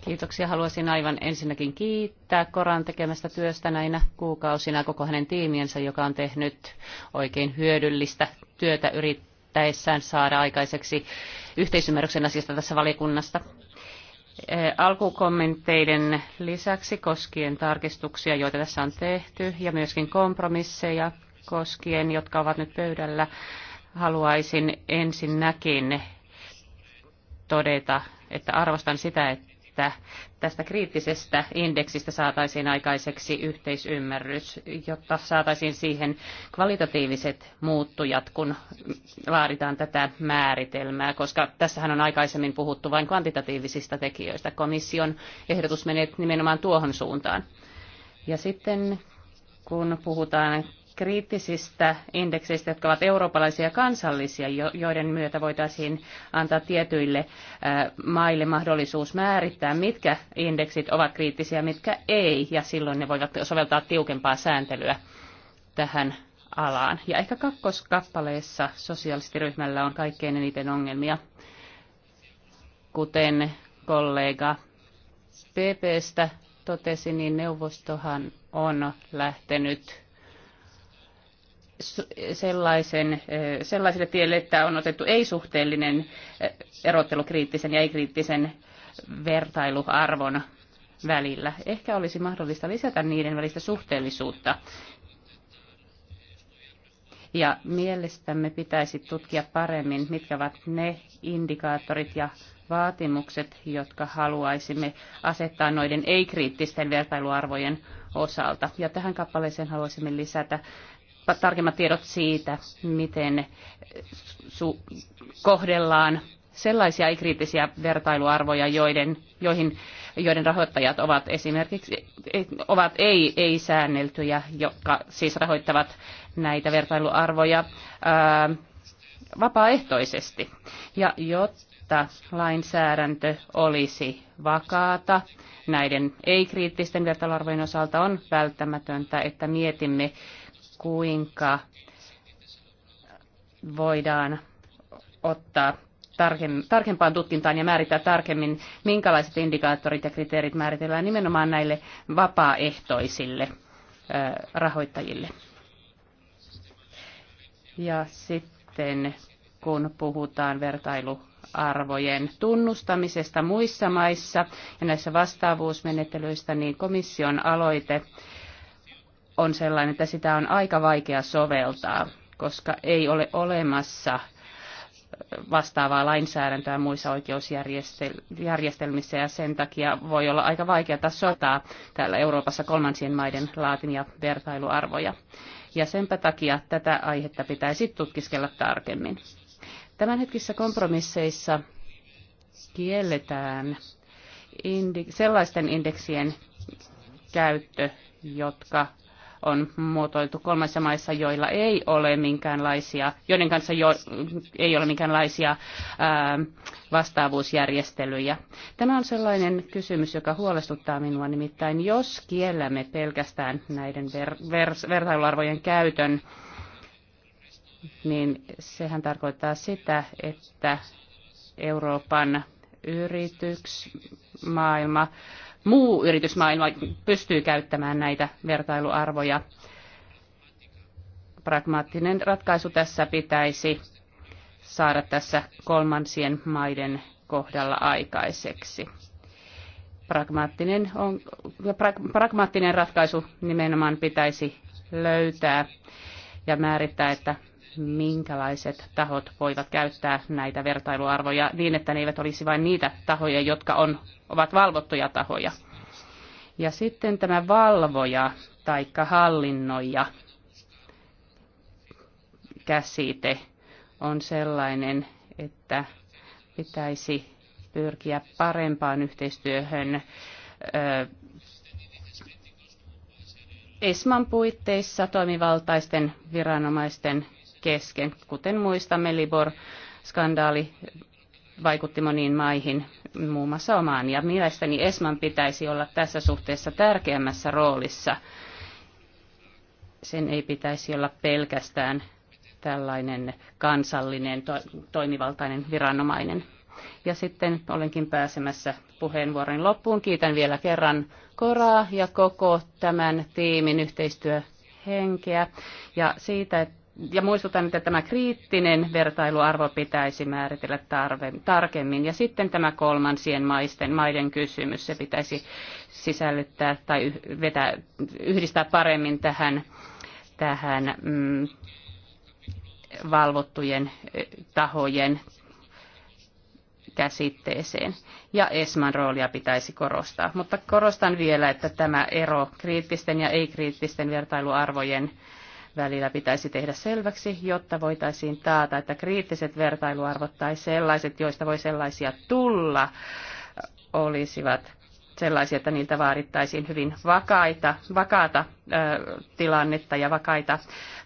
Kiitoksia. Haluaisin aivan ensinnäkin kiittää Koran tekemästä työstä näinä kuukausina koko hänen tiimiensä, joka on tehnyt oikein hyödyllistä työtä yrittäessään saada aikaiseksi yhteisymmärryksen asiasta tässä valiokunnassa. Eh, alkukommenteiden lisäksi koskien tarkistuksia, joita tässä on tehty, ja myöskin kompromisseja koskien, jotka ovat nyt pöydällä, haluaisin ensinnäkin todeta, että arvostan sitä, että että tästä kriittisestä indeksistä saataisiin aikaiseksi yhteisymmärrys, jotta saataisiin siihen kvalitatiiviset muuttujat, kun laaditaan tätä määritelmää, koska tässähän on aikaisemmin puhuttu vain kvantitatiivisista tekijöistä. Komission ehdotus menee nimenomaan tuohon suuntaan. Ja sitten kun puhutaan kriittisistä indekseistä, jotka ovat eurooppalaisia ja kansallisia, joiden myötä voitaisiin antaa tietyille maille mahdollisuus määrittää, mitkä indeksit ovat kriittisiä, mitkä ei, ja silloin ne voivat soveltaa tiukempaa sääntelyä tähän alaan. Ja ehkä kakkoskappaleessa sosiaalistiryhmällä on kaikkein eniten ongelmia, kuten kollega PPstä totesi, niin neuvostohan on lähtenyt sellaisen, sellaiselle tielle, että on otettu ei-suhteellinen erottelu kriittisen ja ei-kriittisen vertailuarvon välillä. Ehkä olisi mahdollista lisätä niiden välistä suhteellisuutta. Ja mielestämme pitäisi tutkia paremmin, mitkä ovat ne indikaattorit ja vaatimukset, jotka haluaisimme asettaa noiden ei-kriittisten vertailuarvojen osalta. Ja tähän kappaleeseen haluaisimme lisätä tarkemmat tiedot siitä, miten su kohdellaan sellaisia kriittisiä vertailuarvoja, joiden, joihin, joiden rahoittajat ovat esimerkiksi ovat ei, ei säänneltyjä, jotka siis rahoittavat näitä vertailuarvoja ää, vapaaehtoisesti. Ja jotta lainsäädäntö olisi vakaata näiden ei-kriittisten vertailuarvojen osalta, on välttämätöntä, että mietimme kuinka voidaan ottaa tarkempaan tutkintaan ja määrittää tarkemmin, minkälaiset indikaattorit ja kriteerit määritellään nimenomaan näille vapaaehtoisille rahoittajille. Ja sitten kun puhutaan vertailuarvojen tunnustamisesta muissa maissa ja näissä vastaavuusmenettelyistä, niin komission aloite on sellainen, että sitä on aika vaikea soveltaa, koska ei ole olemassa vastaavaa lainsäädäntöä muissa oikeusjärjestelmissä ja sen takia voi olla aika vaikeaa sotaa täällä Euroopassa kolmansien maiden ja vertailuarvoja. Ja senpä takia tätä aihetta pitäisi tutkiskella tarkemmin. Tämänhetkisissä kompromisseissa kielletään sellaisten indeksien käyttö, jotka on muotoiltu kolmessa maissa, joilla ei ole minkäänlaisia, joiden kanssa jo, ei ole minkäänlaisia ää, vastaavuusjärjestelyjä. Tämä on sellainen kysymys, joka huolestuttaa minua nimittäin, jos kiellämme pelkästään näiden ver, ver, vertailuarvojen käytön, niin sehän tarkoittaa sitä, että Euroopan Maailma muu yritysmaailma pystyy käyttämään näitä vertailuarvoja. Pragmaattinen ratkaisu tässä pitäisi saada tässä kolmansien maiden kohdalla aikaiseksi. Pragmaattinen, on, pra, pragmaattinen ratkaisu nimenomaan pitäisi löytää ja määrittää, että minkälaiset tahot voivat käyttää näitä vertailuarvoja niin, että ne eivät olisi vain niitä tahoja, jotka on, ovat valvottuja tahoja. Ja sitten tämä valvoja tai hallinnoija käsite on sellainen, että pitäisi pyrkiä parempaan yhteistyöhön ESMAn puitteissa toimivaltaisten viranomaisten kesken. Kuten muistamme, Libor-skandaali vaikutti moniin maihin, muun muassa omaan. Ja mielestäni ESMAN pitäisi olla tässä suhteessa tärkeämmässä roolissa. Sen ei pitäisi olla pelkästään tällainen kansallinen to- toimivaltainen viranomainen. Ja sitten olenkin pääsemässä puheenvuoron loppuun. Kiitän vielä kerran Koraa ja koko tämän tiimin yhteistyöhenkeä ja siitä, että ja muistutan, että tämä kriittinen vertailuarvo pitäisi määritellä tarve, tarkemmin. Ja sitten tämä kolmansien maisten, maiden kysymys, se pitäisi sisällyttää tai vetää, yhdistää paremmin tähän, tähän mm, valvottujen tahojen käsitteeseen. Ja ESMAn roolia pitäisi korostaa. Mutta korostan vielä, että tämä ero kriittisten ja ei-kriittisten vertailuarvojen välillä pitäisi tehdä selväksi, jotta voitaisiin taata, että kriittiset vertailuarvot tai sellaiset, joista voi sellaisia tulla, olisivat sellaisia, että niiltä vaadittaisiin hyvin vakaita, vakaata ö, tilannetta ja vakaita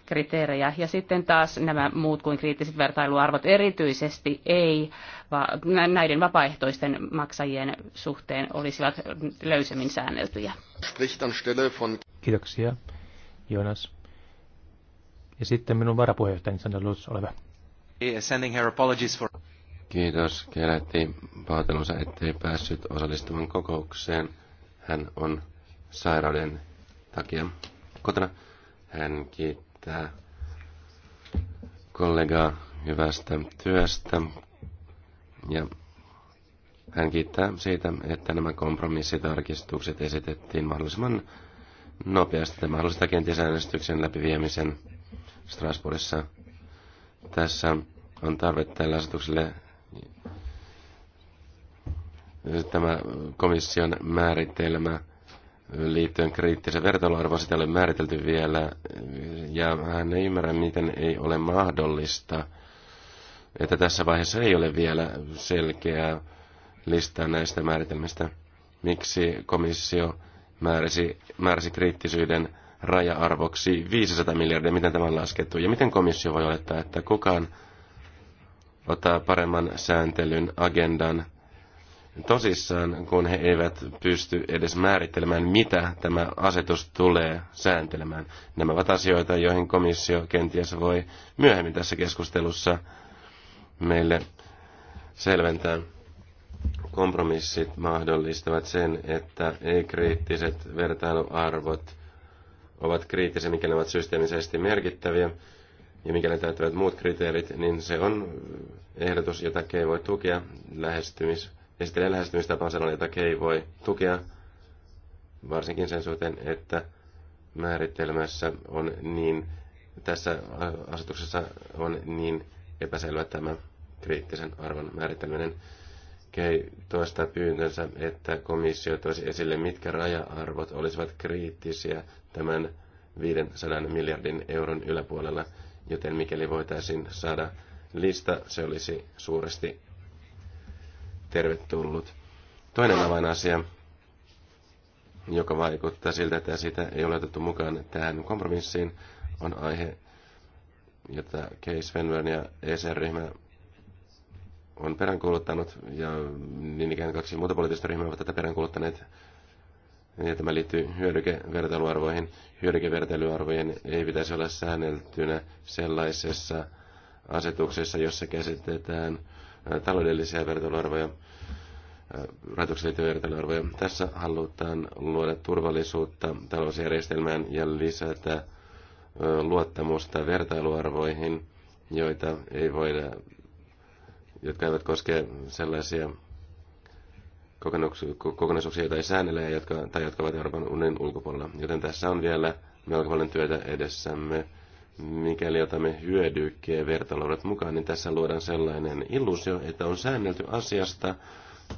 kriteerejä. Ja sitten taas nämä muut kuin kriittiset vertailuarvot erityisesti ei va, näiden vapaaehtoisten maksajien suhteen olisivat löysemmin säänneltyjä. Kiitoksia, Jonas. Ja sitten minun varapuheenjohtajani Sandra Lutz, ole hyvä. Sending her apologies for... Kiitos. Kerätti pahoittelunsa, ettei päässyt osallistumaan kokoukseen. Hän on sairauden takia kotona. Hän kiittää kollegaa hyvästä työstä ja hän kiittää siitä, että nämä kompromissitarkistukset esitettiin mahdollisimman nopeasti Tämä mahdollista kenties äänestyksen läpiviemisen Strasbourgissa. Tässä on tarve tälle asetukselle. Tämä komission määritelmä liittyen kriittisen vertailuarvoon, sitä ei ole määritelty vielä, ja hän ei ymmärrä, miten ei ole mahdollista, että tässä vaiheessa ei ole vielä selkeää listaa näistä määritelmistä. Miksi komissio määräsi, määräsi kriittisyyden raja-arvoksi 500 miljardia. Miten tämä on laskettu? Ja miten komissio voi olettaa, että kukaan ottaa paremman sääntelyn agendan tosissaan, kun he eivät pysty edes määrittelemään, mitä tämä asetus tulee sääntelemään. Nämä ovat asioita, joihin komissio kenties voi myöhemmin tässä keskustelussa meille selventää. Kompromissit mahdollistavat sen, että ei-kriittiset vertailuarvot ovat kriittisiä, mikäli ne ovat systeemisesti merkittäviä ja mikäli täyttävät muut kriteerit, niin se on ehdotus, jota Kei voi tukea. Lähestymis, Esittelee lähestymistapa on sellainen, jota Kei voi tukea, varsinkin sen suhteen, että määritelmässä on niin, tässä asetuksessa on niin epäselvä tämä kriittisen arvon määritteleminen. Kei toistaa pyyntönsä, että komissio toisi esille, mitkä raja-arvot olisivat kriittisiä tämän 500 miljardin euron yläpuolella, joten mikäli voitaisiin saada lista, se olisi suuresti tervetullut. Toinen avainasia, joka vaikuttaa siltä, että sitä ei ole otettu mukaan tähän kompromissiin, on aihe, jota Case Venvern ja ESR-ryhmä on peräänkuuluttanut, ja niin ikään kaksi muuta poliittista ryhmää ovat tätä peräänkuuluttaneet ja tämä liittyy hyödykevertailuarvoihin. Hyödykevertailuarvojen ei pitäisi olla säänneltynä sellaisessa asetuksessa, jossa käsitetään taloudellisia vertailuarvoja, rajoituksiin vertailuarvoja. Tässä halutaan luoda turvallisuutta talousjärjestelmään ja lisätä luottamusta vertailuarvoihin, joita ei voida, jotka eivät koske sellaisia kokonaisuuksia, joita ei säännellä ja jotka, tai jotka ovat Euroopan unionin ulkopuolella. Joten tässä on vielä melko paljon työtä edessämme. Mikäli otamme hyödykkeen vertailuudet mukaan, niin tässä luodaan sellainen illuusio, että on säännelty asiasta,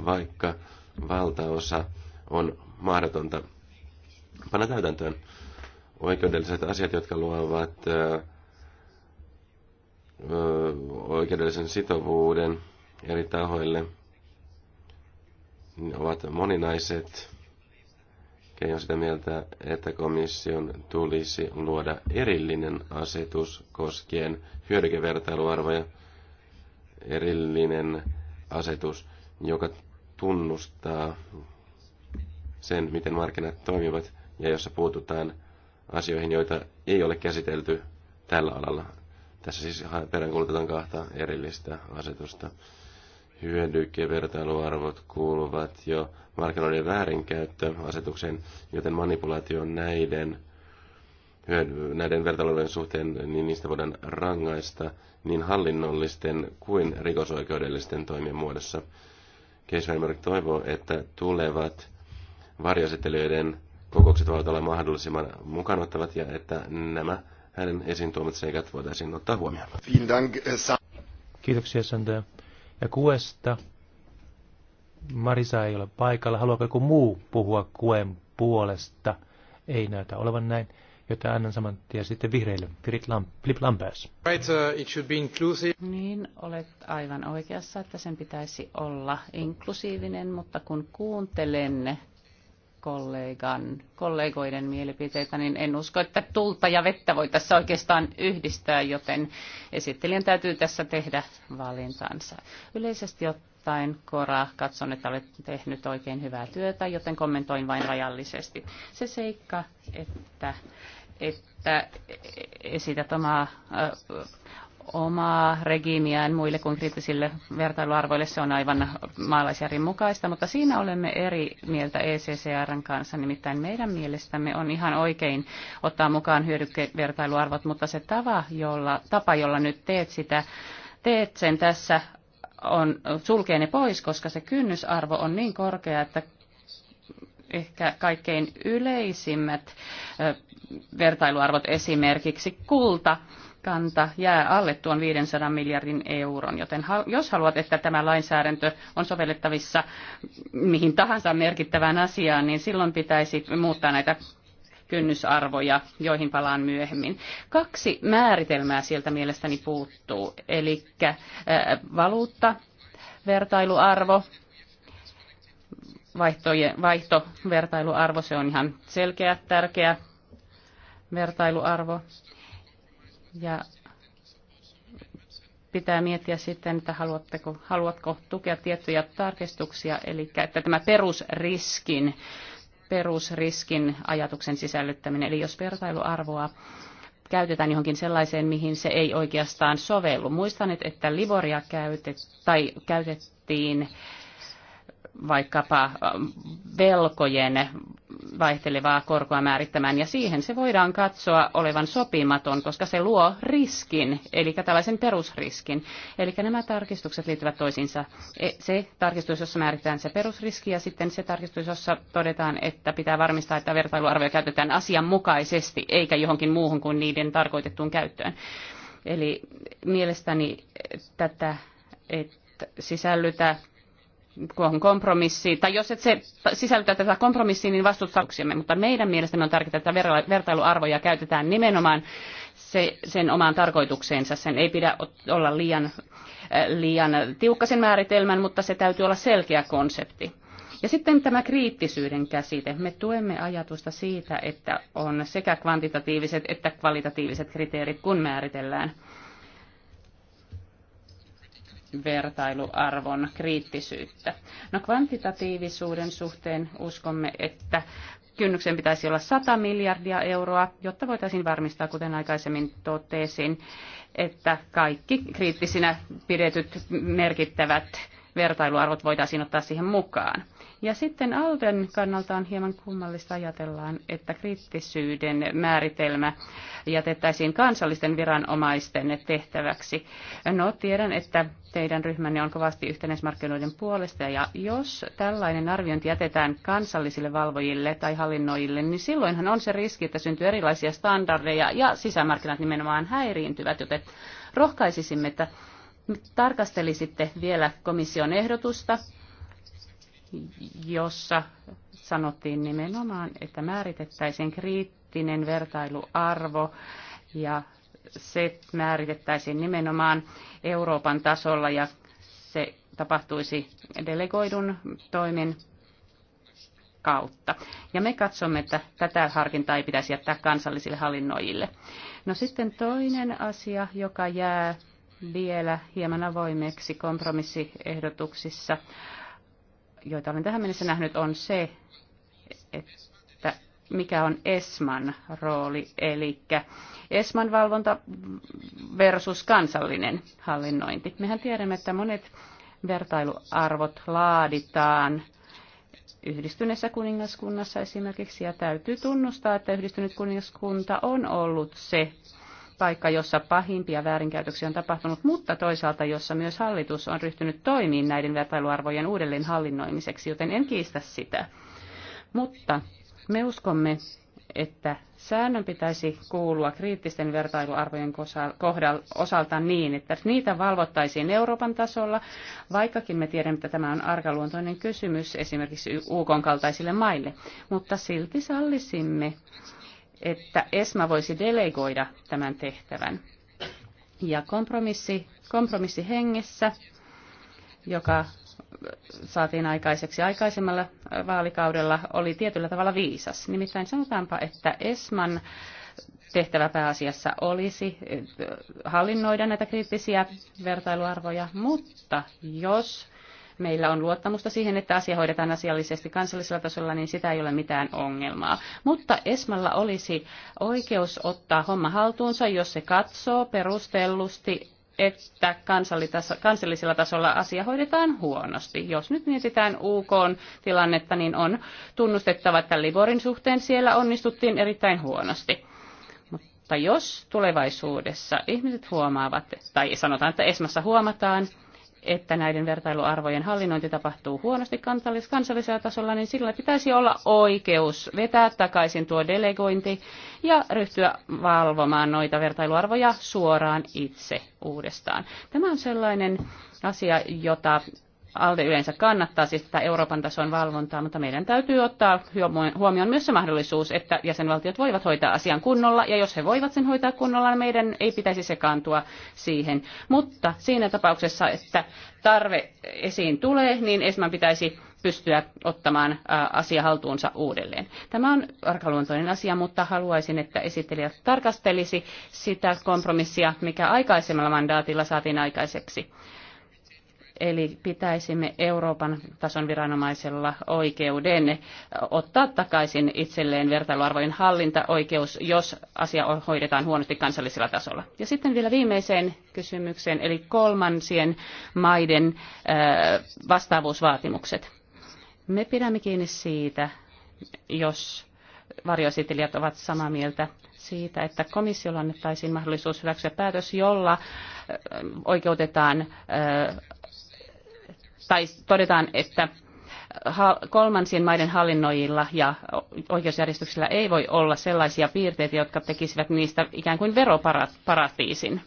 vaikka valtaosa on mahdotonta panna täytäntöön. Oikeudelliset asiat, jotka luovat oikeudellisen sitovuuden eri tahoille – ovat moninaiset ja on sitä mieltä, että komission tulisi luoda erillinen asetus koskien hyödykevertailuarvoja, erillinen asetus, joka tunnustaa sen, miten markkinat toimivat ja jossa puututaan asioihin, joita ei ole käsitelty tällä alalla. Tässä siis peräänkuulutetaan kahta erillistä asetusta. Hyödykkeen ja vertailuarvot kuuluvat jo markkinoiden väärinkäyttöasetuksen, joten manipulaatio näiden, näiden vertailuiden suhteen, niin niistä voidaan rangaista niin hallinnollisten kuin rikosoikeudellisten toimien muodossa. Keisväimerk toivoo, että tulevat varjoesittelijöiden kokoukset voivat olla mahdollisimman mukanottavat ja että nämä hänen esiin tuomat seikat voitaisiin ottaa huomioon. Kiitoksia, Sandra ja Kuesta. Marisa ei ole paikalla. Haluaako joku muu puhua Kuen puolesta? Ei näytä olevan näin, joten annan saman tien sitten vihreille. Pirit Lamp Philip Right, uh, it should be inclusive. Niin, olet aivan oikeassa, että sen pitäisi olla inklusiivinen, mutta kun kuuntelen kollegan, kollegoiden mielipiteitä, niin en usko, että tulta ja vettä voi tässä oikeastaan yhdistää, joten esittelijän täytyy tässä tehdä valintansa. Yleisesti ottaen, Kora, katson, että olet tehnyt oikein hyvää työtä, joten kommentoin vain rajallisesti. Se seikka, että, että esität omaa omaa regiimiään muille kuin kriittisille vertailuarvoille. Se on aivan maalaisjärjen mukaista, mutta siinä olemme eri mieltä ECCRn kanssa. Nimittäin meidän mielestämme on ihan oikein ottaa mukaan hyödykevertailuarvot, mutta se tapa, jolla, tapa, jolla nyt teet, sitä, teet sen tässä, on, sulkee ne pois, koska se kynnysarvo on niin korkea, että ehkä kaikkein yleisimmät vertailuarvot, esimerkiksi kulta, kanta jää alle tuon 500 miljardin euron, joten jos haluat, että tämä lainsäädäntö on sovellettavissa mihin tahansa merkittävään asiaan, niin silloin pitäisi muuttaa näitä kynnysarvoja, joihin palaan myöhemmin. Kaksi määritelmää sieltä mielestäni puuttuu, eli äh, valuutta, vertailuarvo, vaihtojen, vaihtovertailuarvo, se on ihan selkeä, tärkeä vertailuarvo. Ja pitää miettiä sitten, että haluatteko, haluatko tukea tiettyjä tarkistuksia, eli että tämä perusriskin, perusriskin ajatuksen sisällyttäminen, eli jos vertailuarvoa käytetään johonkin sellaiseen, mihin se ei oikeastaan sovellu. Muistan, että Liboria käytet, tai käytettiin vaikkapa velkojen vaihtelevaa korkoa määrittämään, ja siihen se voidaan katsoa olevan sopimaton, koska se luo riskin, eli tällaisen perusriskin. Eli nämä tarkistukset liittyvät toisiinsa. E, se tarkistus, jossa määritetään se perusriski, ja sitten se tarkistus, jossa todetaan, että pitää varmistaa, että vertailuarvoja käytetään asianmukaisesti, eikä johonkin muuhun kuin niiden tarkoitettuun käyttöön. Eli mielestäni tätä, että sisällytä tuohon kompromissiin, tai jos et se sisältää tätä kompromissiin, niin vastustaksiamme, mutta meidän mielestämme on tärkeää, että vertailuarvoja käytetään nimenomaan se, sen omaan tarkoitukseensa. Sen ei pidä olla liian, äh, liian tiukka sen määritelmän, mutta se täytyy olla selkeä konsepti. Ja sitten tämä kriittisyyden käsite. Me tuemme ajatusta siitä, että on sekä kvantitatiiviset että kvalitatiiviset kriteerit, kun määritellään vertailuarvon kriittisyyttä. No kvantitatiivisuuden suhteen uskomme, että kynnyksen pitäisi olla 100 miljardia euroa, jotta voitaisiin varmistaa, kuten aikaisemmin totesin, että kaikki kriittisinä pidetyt merkittävät vertailuarvot voitaisiin ottaa siihen mukaan. Ja sitten Alden kannalta on hieman kummallista ajatellaan, että kriittisyyden määritelmä jätettäisiin kansallisten viranomaisten tehtäväksi. No, tiedän, että teidän ryhmänne on kovasti yhtenäismarkkinoiden puolesta, ja jos tällainen arviointi jätetään kansallisille valvojille tai hallinnoille, niin silloinhan on se riski, että syntyy erilaisia standardeja, ja sisämarkkinat nimenomaan häiriintyvät, joten rohkaisisimme, että tarkastelisitte vielä komission ehdotusta jossa sanottiin nimenomaan, että määritettäisiin kriittinen vertailuarvo ja se määritettäisiin nimenomaan Euroopan tasolla ja se tapahtuisi delegoidun toimen kautta. Ja me katsomme, että tätä harkintaa ei pitäisi jättää kansallisille hallinnoijille. No sitten toinen asia, joka jää vielä hieman avoimeksi kompromissiehdotuksissa, joita olen tähän mennessä nähnyt, on se, että mikä on ESMAN rooli, eli ESMAN valvonta versus kansallinen hallinnointi. Mehän tiedämme, että monet vertailuarvot laaditaan yhdistyneessä kuningaskunnassa esimerkiksi, ja täytyy tunnustaa, että yhdistynyt kuningaskunta on ollut se paikka, jossa pahimpia väärinkäytöksiä on tapahtunut, mutta toisaalta, jossa myös hallitus on ryhtynyt toimiin näiden vertailuarvojen uudelleen hallinnoimiseksi, joten en kiistä sitä. Mutta me uskomme, että säännön pitäisi kuulua kriittisten vertailuarvojen osalta niin, että niitä valvottaisiin Euroopan tasolla, vaikkakin me tiedämme, että tämä on arkaluontoinen kysymys esimerkiksi UK kaltaisille maille, mutta silti sallisimme että ESMA voisi delegoida tämän tehtävän. Ja kompromissi, kompromissi hengessä, joka saatiin aikaiseksi aikaisemmalla vaalikaudella, oli tietyllä tavalla viisas. Nimittäin sanotaanpa, että ESMAn tehtävä pääasiassa olisi eh, hallinnoida näitä kriittisiä vertailuarvoja, mutta jos meillä on luottamusta siihen, että asia hoidetaan asiallisesti kansallisella tasolla, niin sitä ei ole mitään ongelmaa. Mutta Esmalla olisi oikeus ottaa homma haltuunsa, jos se katsoo perustellusti, että kansallisella tasolla asia hoidetaan huonosti. Jos nyt mietitään UK-tilannetta, niin on tunnustettava, että Liborin suhteen siellä onnistuttiin erittäin huonosti. Mutta jos tulevaisuudessa ihmiset huomaavat, tai sanotaan, että Esmassa huomataan, että näiden vertailuarvojen hallinnointi tapahtuu huonosti kansallis- kansallisella tasolla, niin sillä pitäisi olla oikeus vetää takaisin tuo delegointi ja ryhtyä valvomaan noita vertailuarvoja suoraan itse uudestaan. Tämä on sellainen asia, jota ALDE yleensä kannattaa siis tätä Euroopan tason valvontaa, mutta meidän täytyy ottaa huomioon myös se mahdollisuus, että jäsenvaltiot voivat hoitaa asian kunnolla, ja jos he voivat sen hoitaa kunnolla, niin meidän ei pitäisi sekaantua siihen. Mutta siinä tapauksessa, että tarve esiin tulee, niin ESMAn pitäisi pystyä ottamaan asia haltuunsa uudelleen. Tämä on arkaluontoinen asia, mutta haluaisin, että esittelijä tarkastelisi sitä kompromissia, mikä aikaisemmalla mandaatilla saatiin aikaiseksi Eli pitäisimme Euroopan tason viranomaisella oikeuden ottaa takaisin itselleen vertailuarvojen hallintaoikeus, jos asia hoidetaan huonosti kansallisella tasolla. Ja sitten vielä viimeiseen kysymykseen, eli kolmansien maiden äh, vastaavuusvaatimukset. Me pidämme kiinni siitä, jos varjoesittelijät ovat samaa mieltä siitä, että komissiolla annettaisiin mahdollisuus hyväksyä päätös, jolla äh, oikeutetaan äh, tai todetaan, että kolmansien maiden hallinnoijilla ja oikeusjärjestyksillä ei voi olla sellaisia piirteitä, jotka tekisivät niistä ikään kuin veroparatiisin.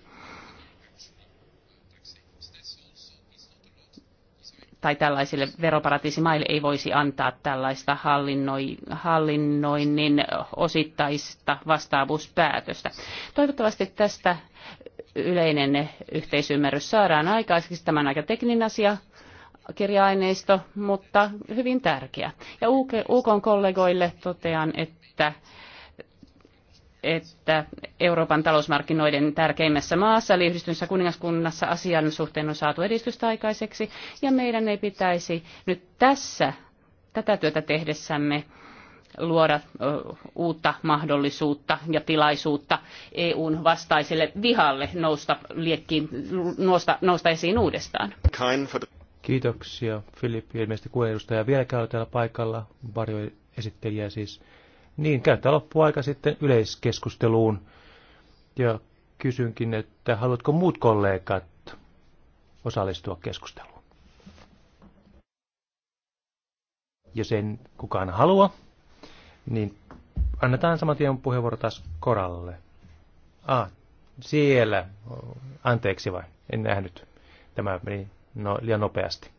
tai tällaisille veroparatiisimaille ei voisi antaa tällaista hallinnoi, hallinnoinnin osittaista vastaavuuspäätöstä. Toivottavasti tästä yleinen yhteisymmärrys saadaan aikaiseksi. Tämä on aika tekninen asia, kirjaineisto, mutta hyvin tärkeä. Ja UKon kollegoille totean, että että Euroopan talousmarkkinoiden tärkeimmässä maassa, eli yhdistyneessä kuningaskunnassa, asian suhteen on saatu edistystä aikaiseksi, ja meidän ei pitäisi nyt tässä tätä työtä tehdessämme luoda uutta mahdollisuutta ja tilaisuutta EUn vastaiselle vihalle nousta, liekkiin, nousta, nousta esiin uudestaan. Kiitoksia, Filippi, ilmeisesti kuuledustaja. Vieläkään on täällä paikalla, varjo esittelijä siis. Niin, käyttää loppuaika sitten yleiskeskusteluun. Ja kysynkin, että haluatko muut kollegat osallistua keskusteluun? Jos en kukaan halua, niin annetaan saman tien puheenvuoro taas Koralle. Ah, siellä. Anteeksi vai? En nähnyt. Tämä meni no, liian nopeasti.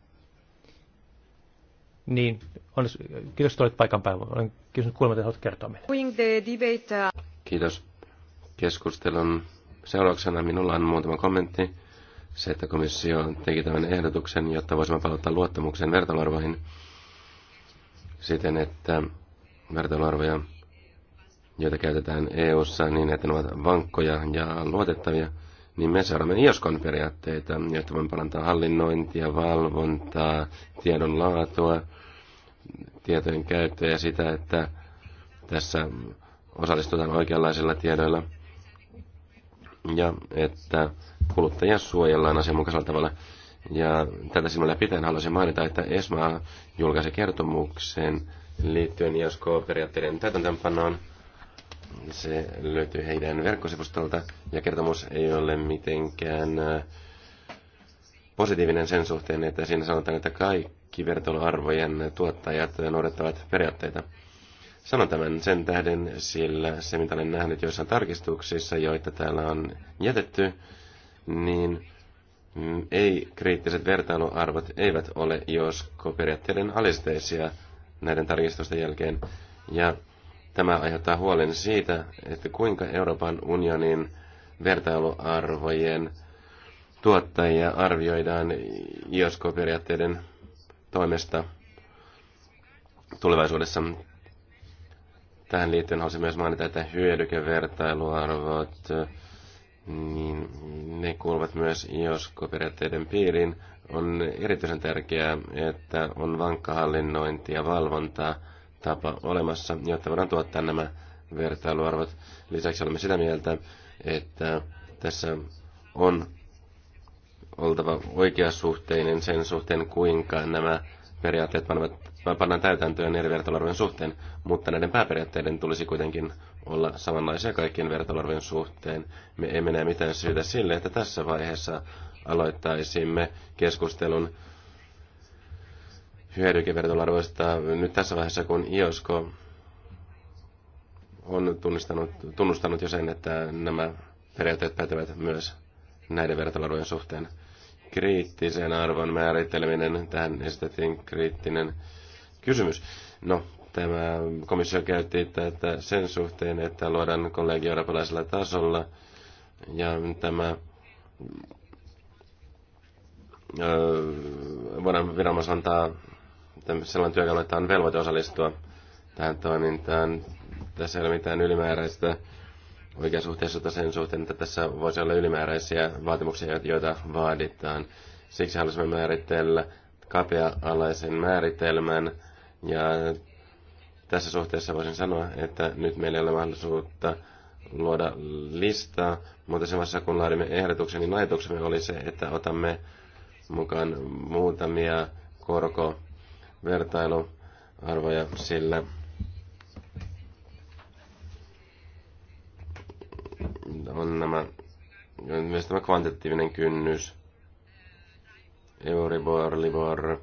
Niin, on, kiitos, että olit paikan päällä. Olen kysynyt kuulemma, että haluat kertoa meille. Uh, kiitos. Keskustelun seurauksena minulla on muutama kommentti. Se, että komissio teki tämän ehdotuksen, jotta voisimme palauttaa luottamuksen vertailuarvoihin siten, että vertailuarvoja, joita käytetään EU-ssa niin, että ne ovat vankkoja ja luotettavia – niin me seuraamme IOSKON periaatteita, jotta voimme parantaa hallinnointia, valvontaa, tiedon laatua, tietojen käyttöä ja sitä, että tässä osallistutaan oikeanlaisilla tiedoilla ja että kuluttajia suojellaan asianmukaisella tavalla. Ja tätä silmällä pitäen haluaisin mainita, että ESMA julkaisi kertomuksen liittyen ISK-periaatteiden täytäntöönpanoon se löytyy heidän verkkosivustolta ja kertomus ei ole mitenkään äh, positiivinen sen suhteen, että siinä sanotaan, että kaikki vertailuarvojen tuottajat noudattavat periaatteita. Sanon tämän sen tähden, sillä se mitä olen nähnyt joissain tarkistuksissa, joita täällä on jätetty, niin mm, ei-kriittiset vertailuarvot eivät ole josko periaatteiden alisteisia näiden tarkistusten jälkeen. Ja Tämä aiheuttaa huolen siitä, että kuinka Euroopan unionin vertailuarvojen tuottajia arvioidaan IOSKO-periaatteiden toimesta tulevaisuudessa. Tähän liittyen haluaisin myös mainita, että hyödykevertailuarvot, niin ne kuuluvat myös IOSKO-periaatteiden piiriin. On erityisen tärkeää, että on vankka hallinnointi ja valvontaa tapa olemassa, jotta voidaan tuottaa nämä vertailuarvot. Lisäksi olemme sitä mieltä, että tässä on oltava oikeasuhteinen sen suhteen, kuinka nämä periaatteet pannaan täytäntöön eri vertailuarvojen suhteen, mutta näiden pääperiaatteiden tulisi kuitenkin olla samanlaisia kaikkien vertailuarvojen suhteen. Me emme näe mitään syytä sille, että tässä vaiheessa aloittaisimme keskustelun hyödyke nyt tässä vaiheessa, kun Iosko on tunnistanut, tunnustanut jo sen, että nämä periaatteet pätevät myös näiden vertailuarvojen suhteen. Kriittisen arvon määritteleminen, tähän esitettiin kriittinen kysymys. No, tämä komissio käytti tätä sen suhteen, että luodaan kollegio eurooppalaisella tasolla, ja tämä öö, voidaan viranomaisantaa antaa että sellainen työkalu, että on velvoite osallistua tähän toimintaan. Tässä ei ole mitään ylimääräistä oikeasuhteisuutta sen suhteen, että tässä voisi olla ylimääräisiä vaatimuksia, joita vaaditaan. Siksi halusimme määritellä kapea-alaisen määritelmän ja tässä suhteessa voisin sanoa, että nyt meillä ei ole mahdollisuutta luoda listaa, mutta samassa kun laadimme ehdotuksen, niin ajatuksemme oli se, että otamme mukaan muutamia korko vertailuarvoja, sillä on nämä, myös tämä kvantitatiivinen kynnys, Euribor, Libor,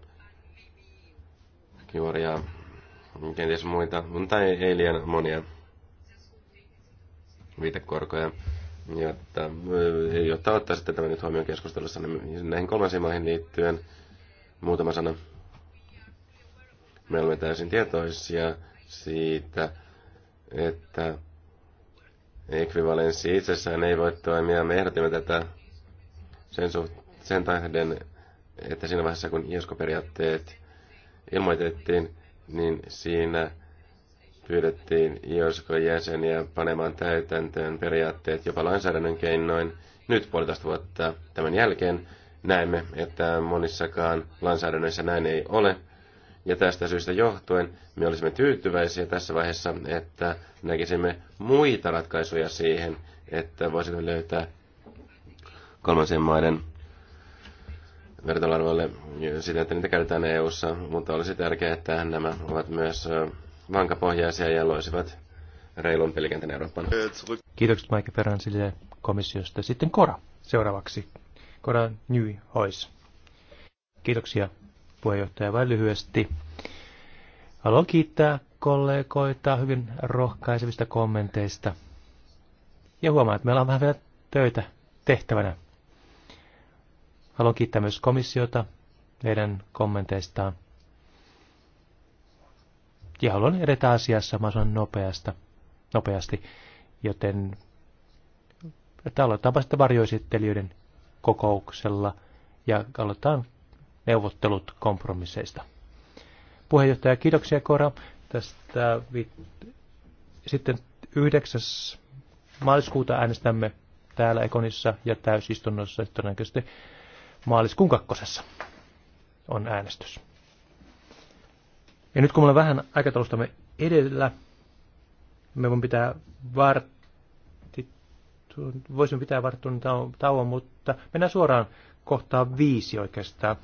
Kivor ja kenties muita, mutta ei, ei liian monia viitekorkoja, jotta, jotta ottaisitte tämän nyt huomioon keskustelussa niin näihin kolmansiin maihin liittyen. Muutama sana. Me olemme täysin tietoisia siitä, että ekvivalenssi itsessään ei voi toimia. Me ehdotimme tätä sen, suht- sen tähden, että siinä vaiheessa kun IOSKO-periaatteet ilmoitettiin, niin siinä pyydettiin IOSKO-jäseniä panemaan täytäntöön periaatteet jopa lainsäädännön keinoin. Nyt puolitoista vuotta tämän jälkeen näemme, että monissakaan lainsäädännöissä näin ei ole – ja tästä syystä johtuen me olisimme tyytyväisiä tässä vaiheessa, että näkisimme muita ratkaisuja siihen, että voisimme löytää kolmansien maiden vertailualueelle sitä, että niitä käytetään EU-ssa, mutta olisi tärkeää, että nämä ovat myös vankapohjaisia ja loisivat reilun pelikentän Euroopan. Kiitokset Maike Ferransille komissiosta. Sitten Kora seuraavaksi. Kora Nui Hois. Kiitoksia puheenjohtaja vain lyhyesti. Haluan kiittää kollegoita hyvin rohkaisevista kommenteista. Ja huomaa, että meillä on vähän vielä töitä tehtävänä. Haluan kiittää myös komissiota heidän kommenteistaan. Ja haluan edetä asiassa mahdollisimman nopeasta, nopeasti, joten että aloitetaan sitten varjoesittelijöiden kokouksella ja aloitetaan neuvottelut kompromisseista. Puheenjohtaja, kiitoksia Kora tästä. Sitten 9. maaliskuuta äänestämme täällä Ekonissa ja täysistunnossa todennäköisesti maaliskuun kakkosessa on äänestys. Ja nyt kun me vähän aikataulustamme edellä, me voimme pitää vartti, voisimme pitää varttunut tauon, mutta mennään suoraan kohtaa viisi oikeastaan.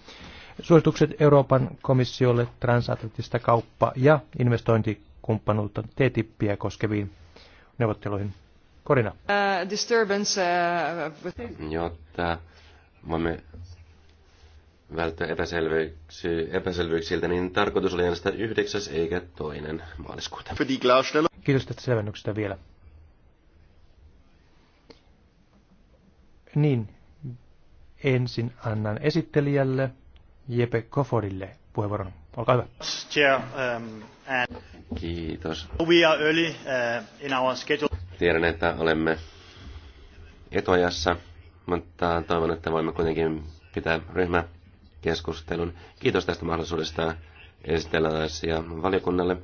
Suositukset Euroopan komissiolle transatlanttista kauppa- ja investointikumppanuutta TTIPiä koskeviin neuvotteluihin. Korina. Uh, disturbance, uh, with... Jotta voimme välttää epäselvyyksi, epäselvyyksiltä, niin tarkoitus oli äänestää yhdeksäs eikä toinen maaliskuuta. Kiitos tästä selvennyksestä vielä. Niin, ensin annan esittelijälle Jeppe Koforille puheenvuoron. Olkaa hyvä. Um, Kiitos. Uh, Tiedän, että olemme etuajassa, mutta toivon, että voimme kuitenkin pitää ryhmäkeskustelun. Kiitos tästä mahdollisuudesta esitellä asia valiokunnalle.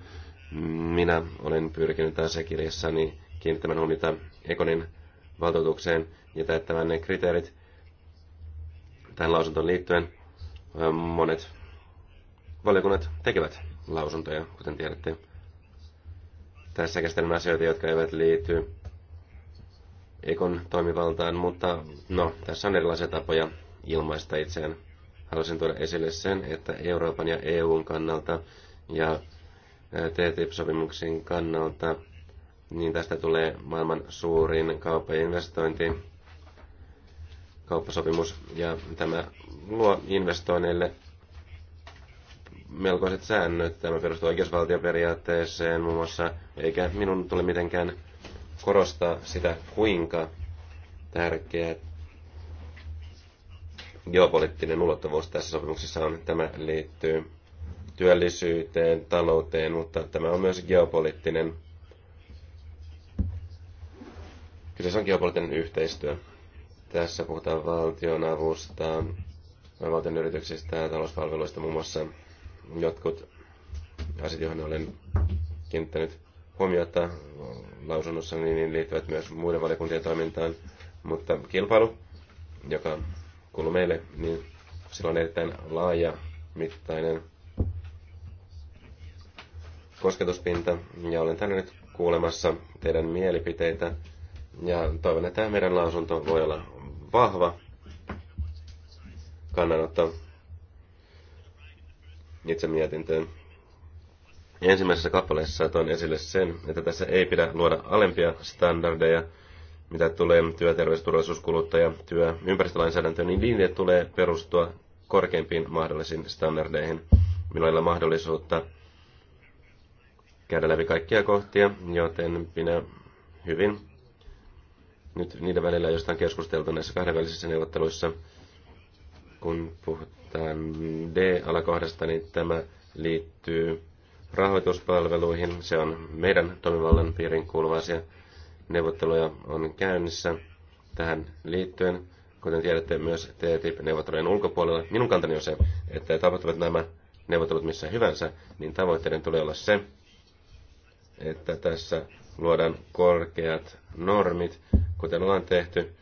Minä olen pyrkinyt kirjassani kiinnittämään huomiota Ekonin valtuutukseen ja täyttämään ne kriteerit, tähän lausuntoon liittyen. Monet valiokunnat tekevät lausuntoja, kuten tiedätte. Tässä käsitellään asioita, jotka eivät liity Ekon toimivaltaan, mutta no, tässä on erilaisia tapoja ilmaista itseään. Haluaisin tuoda esille sen, että Euroopan ja EUn kannalta ja TTIP-sopimuksen kannalta, niin tästä tulee maailman suurin kauppa- ja investointi kauppasopimus ja tämä luo investoinneille melkoiset säännöt. Tämä perustuu oikeusvaltioperiaatteeseen muun muassa, eikä minun tule mitenkään korostaa sitä, kuinka tärkeä geopoliittinen ulottuvuus tässä sopimuksessa on. Tämä liittyy työllisyyteen, talouteen, mutta tämä on myös geopoliittinen. Kyseessä on geopoliittinen yhteistyö. Tässä puhutaan valtion avusta, valtion yrityksistä ja talouspalveluista muun muassa jotkut asiat, joihin olen kiinnittänyt huomiota lausunnossa, niin liittyvät myös muiden valiokuntien toimintaan. Mutta kilpailu, joka kuuluu meille, niin sillä on erittäin laaja mittainen kosketuspinta ja olen tänne nyt kuulemassa teidän mielipiteitä ja toivon, että meidän lausunto voi olla vahva kannanotto itse mietintöön. Ensimmäisessä kappaleessa toin esille sen, että tässä ei pidä luoda alempia standardeja, mitä tulee työterveysturvallisuuskuluttaja, työ, ympäristölainsäädäntöön, niin niiden tulee perustua korkeimpiin mahdollisiin standardeihin. Minulla mahdollisuutta käydä läpi kaikkia kohtia, joten minä hyvin nyt niiden välillä, jostain on keskusteltu näissä kahdenvälisissä neuvotteluissa, kun puhutaan D-alakohdasta, niin tämä liittyy rahoituspalveluihin. Se on meidän toimivallan piirin kuuluva asia. Neuvotteluja on käynnissä tähän liittyen. Kuten tiedätte, myös TTIP-neuvottelujen ulkopuolella. Minun kantani on se, että tapahtuvat nämä neuvottelut missä hyvänsä, niin tavoitteiden tulee olla se, että tässä luodaan korkeat normit, kuten ollaan tehty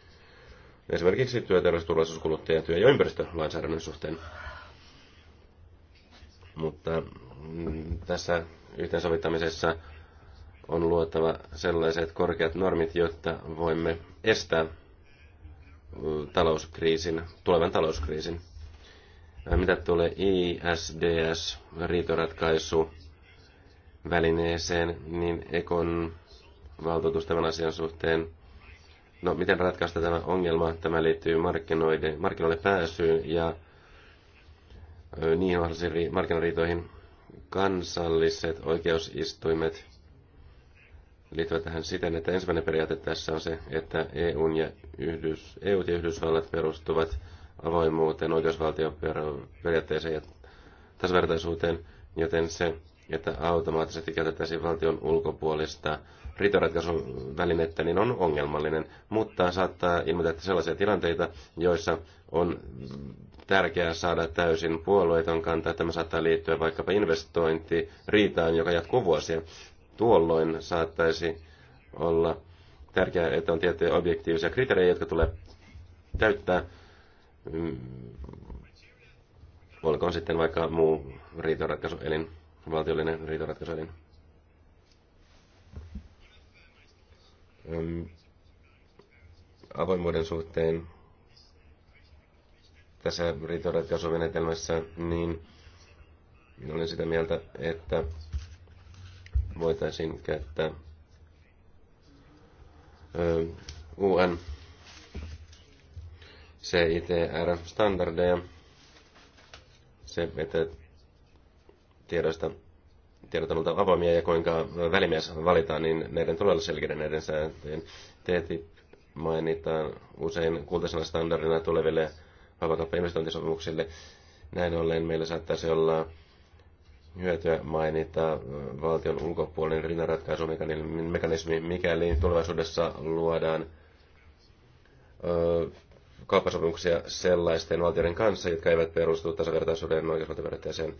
esimerkiksi työterveysturvallisuus, kuluttaja, työ- ja ympäristölainsäädännön suhteen. Mutta mm, tässä yhteensovittamisessa on luotava sellaiset korkeat normit, jotta voimme estää mm, talouskriisin, tulevan talouskriisin. Äh, mitä tulee ISDS, riitoratkaisu, välineeseen, niin Ekon tämän asian suhteen. No, miten ratkaista tämä ongelma? Tämä liittyy markkinoille, markkinoille pääsyyn ja niihin mahdollisiin markkinariitoihin. Kansalliset oikeusistuimet liittyvät tähän siten, että ensimmäinen periaate tässä on se, että EU ja Yhdys, EU ja Yhdysvallat perustuvat avoimuuteen, oikeusvaltioperiaatteeseen ja tasavertaisuuteen, joten se, että automaattisesti käytettäisiin valtion ulkopuolista välinettä, niin on ongelmallinen, mutta saattaa ilmetä sellaisia tilanteita, joissa on tärkeää saada täysin puolueeton kanta. Tämä saattaa liittyä vaikkapa investointi riitaan, joka jatkuu vuosia. Tuolloin saattaisi olla tärkeää, että on tiettyjä objektiivisia kriteerejä, jotka tulee täyttää mm, olkoon sitten vaikka muu riitoratkaisu, eli valtiollinen riitoratkaisuelin. avoimuuden suhteen tässä riitoratkaisumenetelmässä, niin minä olen sitä mieltä, että voitaisiin käyttää UN CITR-standardeja, se, että tiedosta tiedot on avoimia ja kuinka välimies valitaan, niin näiden tulee olla selkeitä näiden sääntöjen. TTIP mainitaan usein kultaisena standardina tuleville vapakauppa investointisopimuksille Näin ollen meillä saattaisi olla hyötyä mainita valtion ulkopuolinen rinnanratkaisumekanismi, mikäli tulevaisuudessa luodaan kauppasopimuksia sellaisten valtioiden kanssa, jotka eivät perustu tasavertaisuuden oikeusvaltioperiaatteeseen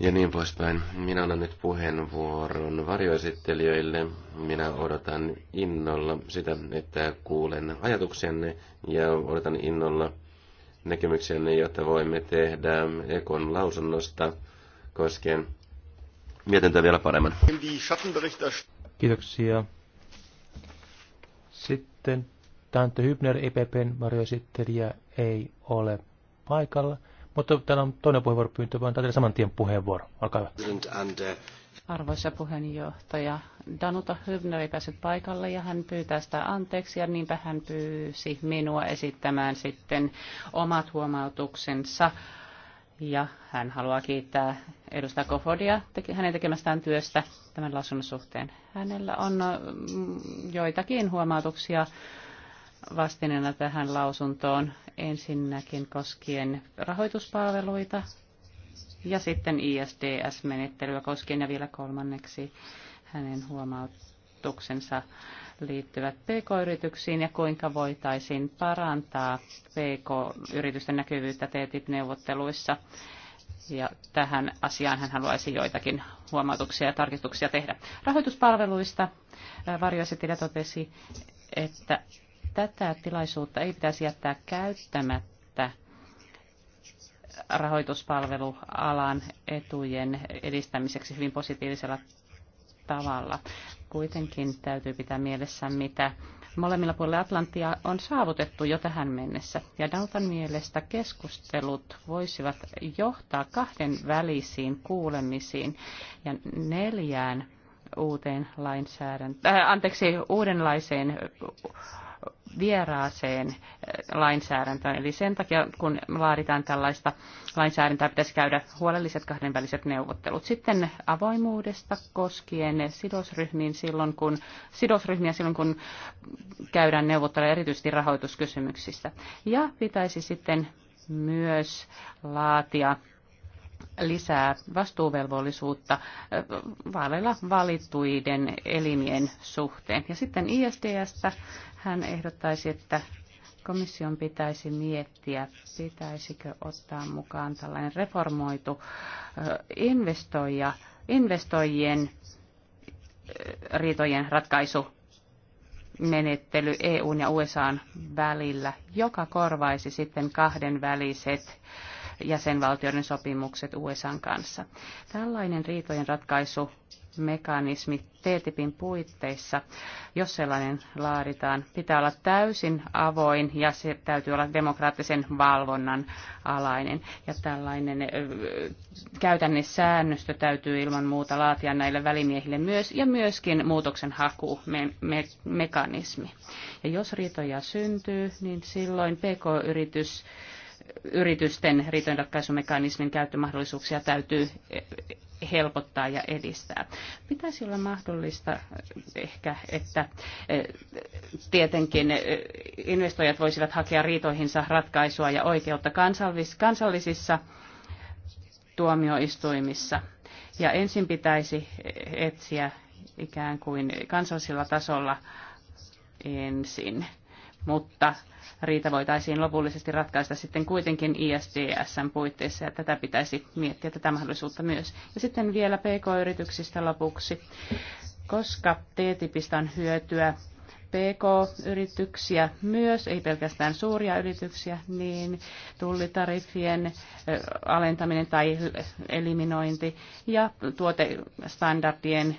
ja niin poispäin. Minä annan nyt puheenvuoron varjoesittelijöille. Minä odotan innolla sitä, että kuulen ajatuksenne ja odotan innolla näkemyksenne, jotta voimme tehdä Ekon lausunnosta koskien mietintöä vielä paremmin. Kiitoksia. Sitten Tante Hybner, EPPn varjoesittelijä, ei ole paikalla. Mutta täällä on toinen puheenvuoropyyntö, vaan täällä saman tien puheenvuoro. Olkaa hyvä. Arvoisa puheenjohtaja, Danuta Hübner ei päässyt paikalle ja hän pyytää sitä anteeksi ja niinpä hän pyysi minua esittämään sitten omat huomautuksensa. Ja hän haluaa kiittää edustaja Kofodia hänen tekemästään työstä tämän lausunnon suhteen. Hänellä on mm, joitakin huomautuksia vastineena tähän lausuntoon ensinnäkin koskien rahoituspalveluita ja sitten ISDS-menettelyä koskien ja vielä kolmanneksi hänen huomautuksensa liittyvät pk-yrityksiin ja kuinka voitaisiin parantaa pk-yritysten näkyvyyttä TTIP-neuvotteluissa. Ja tähän asiaan hän haluaisi joitakin huomautuksia ja tarkistuksia tehdä. Rahoituspalveluista varjoesitilä totesi, että Tätä tilaisuutta ei pitäisi jättää käyttämättä rahoituspalvelualan etujen edistämiseksi hyvin positiivisella tavalla. Kuitenkin täytyy pitää mielessä, mitä molemmilla puolilla Atlantia on saavutettu jo tähän mennessä. Ja Daltan mielestä keskustelut voisivat johtaa kahden välisiin kuulemisiin ja neljään uuteen lainsäädäntöön. äh, anteeksi, uudenlaiseen vieraaseen eh, lainsäädäntöön. Eli sen takia, kun laaditaan tällaista lainsäädäntöä, pitäisi käydä huolelliset kahdenväliset neuvottelut. Sitten avoimuudesta koskien sidosryhmiin silloin, kun, sidosryhmiä silloin, kun käydään neuvotteluja erityisesti rahoituskysymyksistä. Ja pitäisi sitten myös laatia lisää vastuuvelvollisuutta vaaleilla valittuiden elimien suhteen. Ja sitten ISDS hän ehdottaisi, että komission pitäisi miettiä, pitäisikö ottaa mukaan tällainen reformoitu investoija, investoijien riitojen ratkaisu menettely EUn ja USAn välillä, joka korvaisi sitten kahden väliset jäsenvaltioiden sopimukset USAn kanssa. Tällainen riitojen ratkaisu mekanismi TTIPin puitteissa, jos sellainen laaditaan, pitää olla täysin avoin ja se täytyy olla demokraattisen valvonnan alainen. Ja tällainen säännöstö täytyy ilman muuta laatia näille välimiehille myös ja myöskin muutoksen hakumekanismi. Me, ja jos riitoja syntyy, niin silloin PK-yritys yritysten riitojenratkaisumekanismin käyttömahdollisuuksia täytyy helpottaa ja edistää. Pitäisi olla mahdollista ehkä, että e, tietenkin e, investoijat voisivat hakea riitoihinsa ratkaisua ja oikeutta kansallisissa tuomioistuimissa. Ja ensin pitäisi etsiä ikään kuin kansallisella tasolla ensin. Mutta riita voitaisiin lopullisesti ratkaista sitten kuitenkin ISDSn puitteissa ja tätä pitäisi miettiä tätä mahdollisuutta myös. Ja sitten vielä PK-yrityksistä lopuksi. Koska TTIPistä on hyötyä PK-yrityksiä myös, ei pelkästään suuria yrityksiä, niin tullitariffien alentaminen tai eliminointi ja tuotestandardien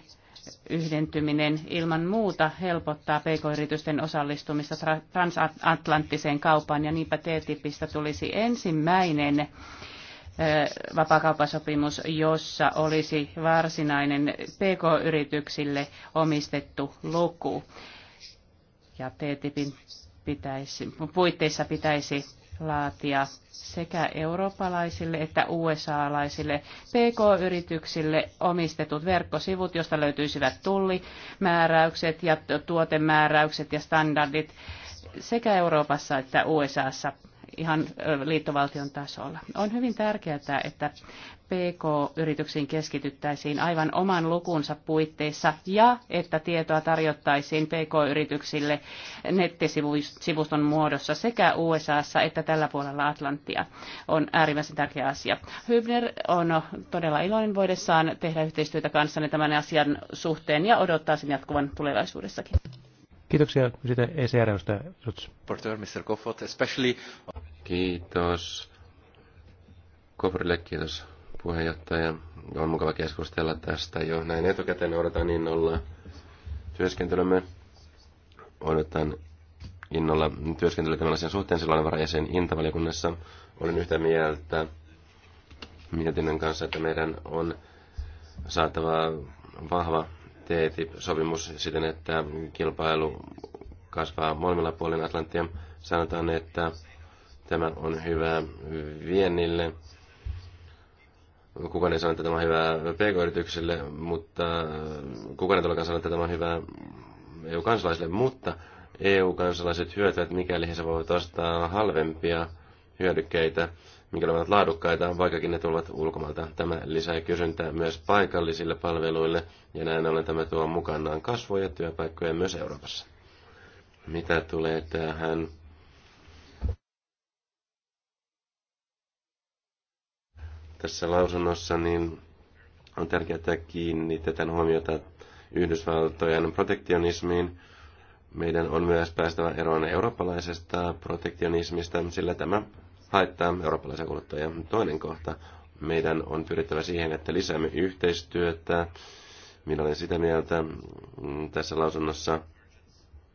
yhdentyminen ilman muuta helpottaa pk-yritysten osallistumista transatlanttiseen kaupaan ja niinpä TTIPistä tulisi ensimmäinen vapakauppasopimus, jossa olisi varsinainen pk-yrityksille omistettu luku. Ja TTIPin pitäisi, puitteissa pitäisi laatia sekä eurooppalaisille että USA-laisille PK-yrityksille omistetut verkkosivut, josta löytyisivät tullimääräykset ja tuotemääräykset ja standardit sekä Euroopassa että USAssa ihan liittovaltion tasolla. On hyvin tärkeää, että PK-yrityksiin keskityttäisiin aivan oman lukunsa puitteissa ja että tietoa tarjottaisiin PK-yrityksille nettisivuston muodossa sekä USAssa että tällä puolella Atlanttia on äärimmäisen tärkeä asia. Hybner on todella iloinen voidessaan tehdä yhteistyötä kanssanne tämän asian suhteen ja odottaa sen jatkuvan tulevaisuudessakin. Kiitoksia. Sitten ECR-edustaja Mr. Koffot, especially... Kiitos. Kofrille kiitos puheenjohtaja. On mukava keskustella tästä jo näin etukäteen. Odotan innolla työskentelymme. Odotan innolla työskentelyä tämän asian suhteen. Silloin varajäsen Intavaliokunnassa olen yhtä mieltä mietinnön kanssa, että meidän on saatava vahva TTIP-sopimus siten, että kilpailu kasvaa molemmilla puolilla Atlanttia. Sanotaan, että Tämä on hyvä viennille. Kukaan ei sano, että tämä on hyvä pk yritykselle mutta kukaan ei todellakaan sano, että tämä on hyvä EU-kansalaisille, mutta EU-kansalaiset hyötyvät, mikäli he voivat ostaa halvempia hyödykkeitä, mikäli ovat laadukkaita, vaikkakin ne tulevat ulkomailta. Tämä lisää kysyntää myös paikallisille palveluille, ja näin ollen tämä tuo mukanaan kasvoja työpaikkoja myös Euroopassa. Mitä tulee tähän tässä lausunnossa, niin on tärkeää, että kiinnitetään huomiota Yhdysvaltojen protektionismiin. Meidän on myös päästävä eroon eurooppalaisesta protektionismista, sillä tämä haittaa eurooppalaisia kuluttajia. Toinen kohta, meidän on pyrittävä siihen, että lisäämme yhteistyötä. Minä olen sitä mieltä mm, tässä lausunnossa,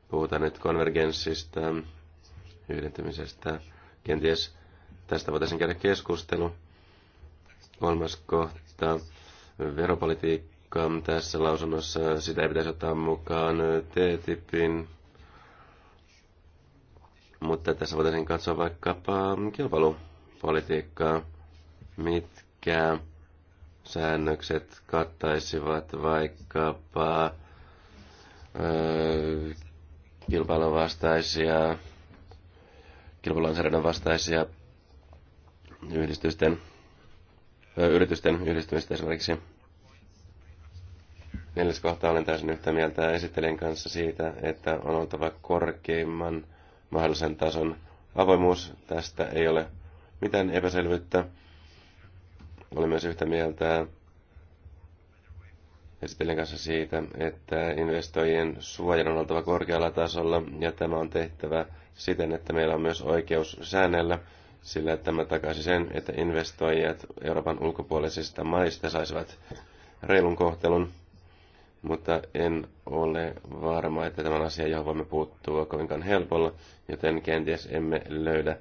puhutaan nyt konvergenssista, yhdentymisestä, kenties tästä voitaisiin käydä keskustelu Kolmas kohta, veropolitiikka tässä lausunnossa, sitä ei pitäisi ottaa mukaan T-tipin. mutta tässä voitaisiin katsoa vaikkapa kilpailupolitiikkaa, mitkä säännökset kattaisivat vaikkapa öö, kilpailun vastaisia, kilpailulainsäädännön vastaisia yhdistysten yritysten yhdistymistä esimerkiksi. Neljäs kohta olen täysin yhtä mieltä esittelijän kanssa siitä, että on oltava korkeimman mahdollisen tason avoimuus. Tästä ei ole mitään epäselvyyttä. Olen myös yhtä mieltä esittelijän kanssa siitä, että investoijien suojan on oltava korkealla tasolla ja tämä on tehtävä siten, että meillä on myös oikeus säännellä sillä tämä takaisi sen, että investoijat Euroopan ulkopuolisista maista saisivat reilun kohtelun, mutta en ole varma, että tämän asian johon voimme puuttua kovinkaan helpolla, joten kenties emme löydä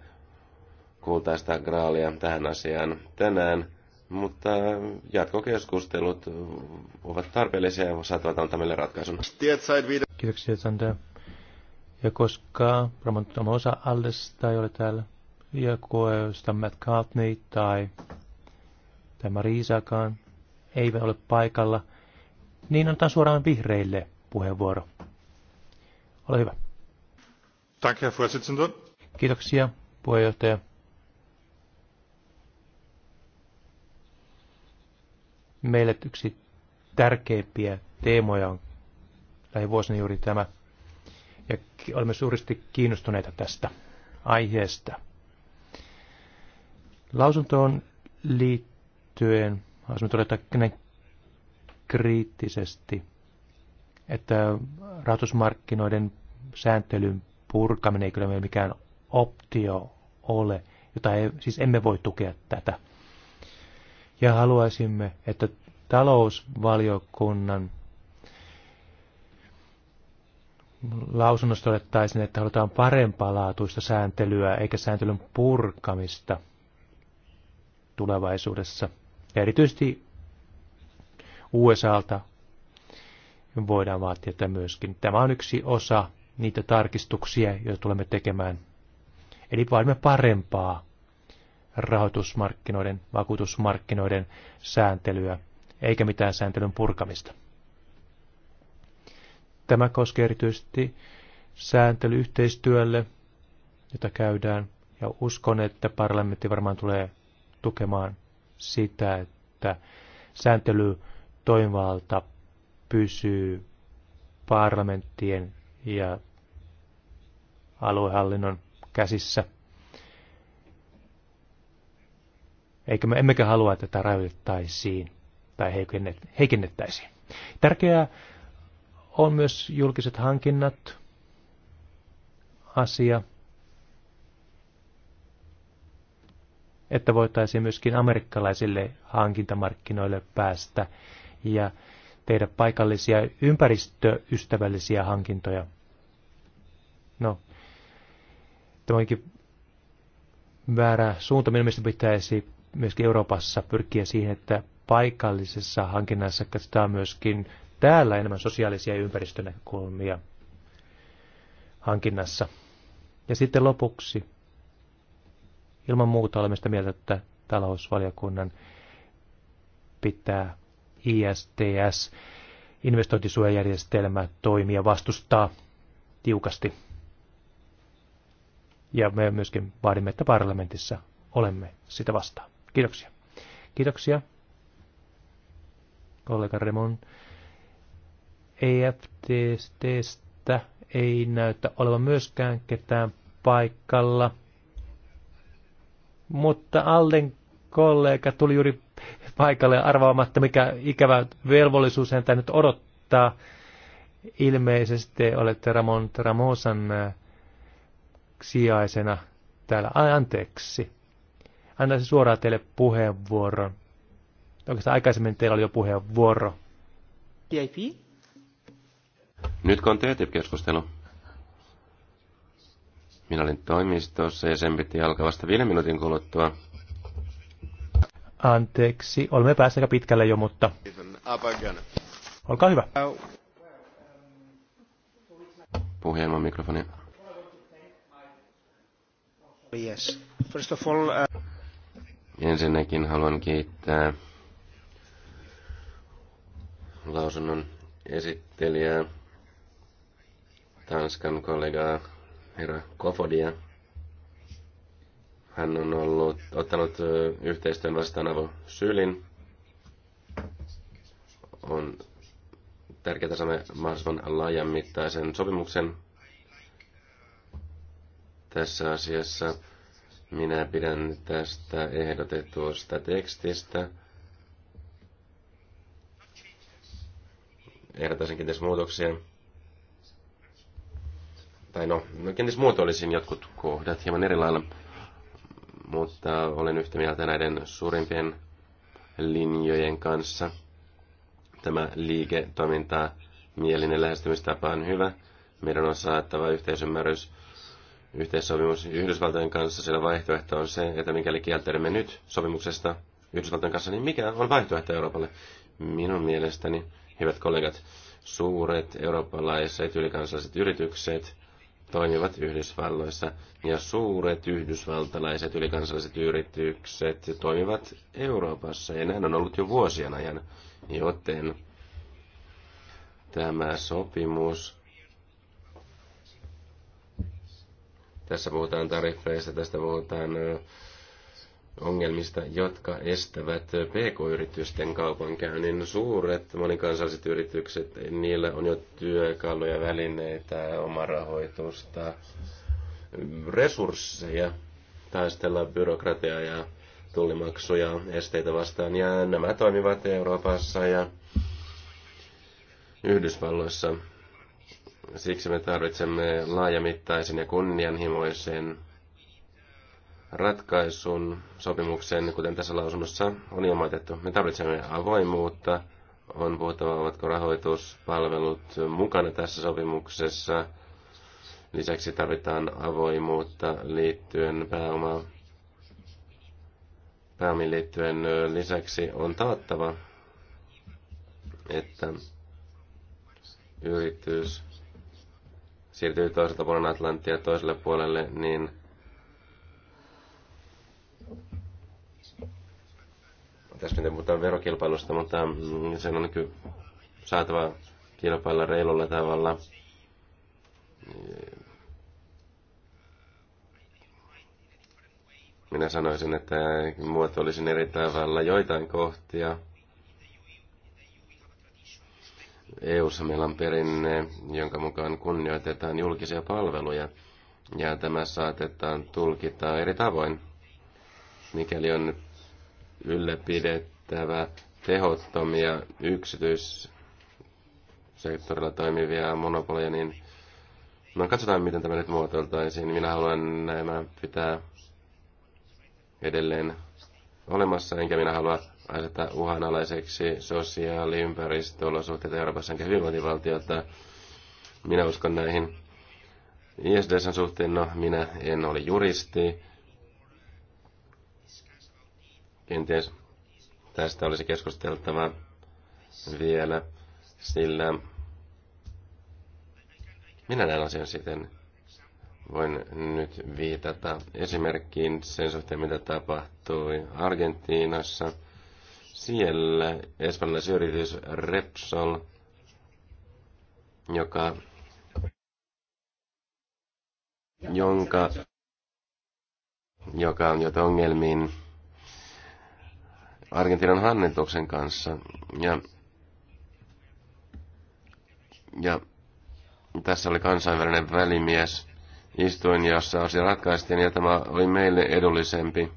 kultaista graalia tähän asiaan tänään. Mutta jatkokeskustelut ovat tarpeellisia ja saattavat antaa meille ratkaisun. Kiitoksia, Sandra. Ja koska Ramon osa Aldes tai ole täällä, Matt Cartney tai tämä Riisakaan ei ole paikalla, niin antaa suoraan vihreille puheenvuoro. Ole hyvä. Kiitoksia, puheenjohtaja. Meille yksi tärkeimpiä teemoja on lähivuosina juuri tämä, ja olemme suuresti kiinnostuneita tästä aiheesta. Lausuntoon liittyen haluaisin todeta näin kriittisesti, että rahoitusmarkkinoiden sääntelyn purkaminen ei kyllä meillä mikään optio ole, jota ei, siis emme voi tukea tätä. Ja haluaisimme, että talousvaliokunnan lausunnosta todettaisiin, että halutaan parempaa laatuista sääntelyä eikä sääntelyn purkamista – tulevaisuudessa. Ja erityisesti USAlta voidaan vaatia tätä myöskin. Tämä on yksi osa niitä tarkistuksia, joita tulemme tekemään. Eli vaadimme parempaa rahoitusmarkkinoiden, vakuutusmarkkinoiden sääntelyä, eikä mitään sääntelyn purkamista. Tämä koskee erityisesti sääntelyyhteistyölle, jota käydään, ja uskon, että parlamentti varmaan tulee tukemaan sitä, että sääntely toimivalta pysyy parlamenttien ja aluehallinnon käsissä. Eikä me emmekä halua, että tätä rajoitettaisiin tai heikennettäisiin. Tärkeää on myös julkiset hankinnat, asia – että voitaisiin myöskin amerikkalaisille hankintamarkkinoille päästä ja tehdä paikallisia ympäristöystävällisiä hankintoja. No, tämä onkin väärä suunta. Minun mielestä pitäisi myöskin Euroopassa pyrkiä siihen, että paikallisessa hankinnassa katsotaan myöskin täällä enemmän sosiaalisia ympäristönäkökulmia hankinnassa. Ja sitten lopuksi Ilman muuta olemme sitä mieltä, että talousvaliokunnan pitää ISTS investointisuojajärjestelmä toimia vastustaa tiukasti. Ja me myöskin vaadimme, että parlamentissa olemme sitä vastaan. Kiitoksia. Kiitoksia. Kollega Remon. EFTstä ei näytä olevan myöskään ketään paikalla mutta Alden kollega tuli juuri paikalle arvaamatta, mikä ikävä velvollisuus häntä nyt odottaa. Ilmeisesti olette Ramon Ramosan äh, sijaisena täällä. Ai, anteeksi. se suoraan teille puheenvuoron. Oikeastaan aikaisemmin teillä oli jo puheenvuoro. TIP? Nyt on TTIP-keskustelu. Minä olin toimistossa ja sen piti alkaa vasta viiden minuutin kuluttua. Anteeksi, olemme päässä aika pitkälle jo, mutta... Olkaa hyvä. Puhelman mikrofoni. Yes. First of all, uh... Ensinnäkin haluan kiittää lausunnon esittelijää, Tanskan kollegaa herra Kofodia. Hän on ollut, ottanut yhteistyön vastaan avo sylin. On tärkeää saada mahdollisimman laajan mittaisen sopimuksen tässä asiassa. Minä pidän tästä ehdotetusta tekstistä. Ehdottaisin kenties muutoksia tai no, no kenties muotoilisin jotkut kohdat hieman eri lailla, mutta olen yhtä mieltä näiden suurimpien linjojen kanssa. Tämä liiketoiminta mielinen lähestymistapa on hyvä. Meidän on saattava yhteisymmärrys, yhteissopimus Yhdysvaltojen kanssa, sillä vaihtoehto on se, että mikäli kieltäydymme nyt sopimuksesta Yhdysvaltojen kanssa, niin mikä on vaihtoehto Euroopalle? Minun mielestäni, hyvät kollegat, suuret eurooppalaiset ylikansalliset yritykset – toimivat Yhdysvalloissa ja suuret yhdysvaltalaiset ylikansalliset yritykset toimivat Euroopassa ja näin on ollut jo vuosien ajan, joten tämä sopimus tässä puhutaan tariffeista, tästä puhutaan ongelmista, jotka estävät pk-yritysten kaupankäynnin. Suuret monikansalliset yritykset, niillä on jo työkaluja, välineitä, omarahoitusta, resursseja taistella byrokratiaa ja tullimaksuja esteitä vastaan. Ja nämä toimivat Euroopassa ja Yhdysvalloissa. Siksi me tarvitsemme laajamittaisen ja kunnianhimoisen ratkaisun sopimukseen, kuten tässä lausunnossa on ilmoitettu. Me tarvitsemme avoimuutta, on puhuttava, ovatko rahoituspalvelut mukana tässä sopimuksessa. Lisäksi tarvitaan avoimuutta liittyen pääomaan. pääomiin liittyen lisäksi on taattava, että yritys siirtyy toiselta puolen Atlanttia toiselle puolelle, niin – Äsken puhutaan verokilpailusta, mutta mm, sen on kyllä saatava kilpailla reilulla tavalla. Minä sanoisin, että muotoilisin eri tavalla joitain kohtia. EU-ssa meillä on perinne, jonka mukaan kunnioitetaan julkisia palveluja, ja tämä saatetaan tulkita eri tavoin. Mikäli on ylläpidettävä tehottomia yksityissektorilla toimivia monopoleja, niin no katsotaan miten tämä nyt muotoiltaisiin. Minä haluan nämä pitää edelleen olemassa, enkä minä halua asettaa uhanalaiseksi sosiaali- ympäristöolosuhteita Euroopassa enkä hyvinvointivaltiota. Minä uskon näihin ISDSn suhteen, no minä en ole juristi, Kenties tästä olisi keskusteltava vielä, sillä minä näen asian sitten Voin nyt viitata esimerkkiin sen suhteen, mitä tapahtui Argentiinassa. Siellä espanjalaisyritys Repsol, joka, jonka, joka on jo ongelmiin Argentiinan hallituksen kanssa. Ja, ja tässä oli kansainvälinen välimies istuin, jossa asia ratkaistiin, ja tämä oli meille edullisempi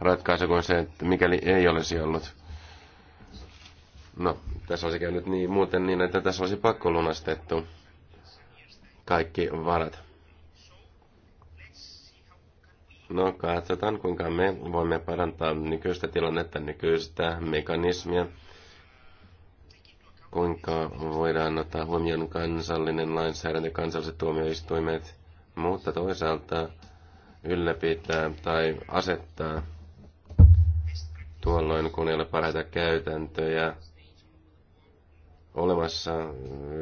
ratkaisu kuin se, että mikäli ei olisi ollut. No, tässä olisi käynyt niin, muuten niin, että tässä olisi lunastettu kaikki varat. No, katsotaan kuinka me voimme parantaa nykyistä tilannetta, nykyistä mekanismia, kuinka voidaan ottaa huomioon kansallinen lainsäädäntö, kansalliset tuomioistuimet, mutta toisaalta ylläpitää tai asettaa tuolloin, kun ei ole parhaita käytäntöjä olemassa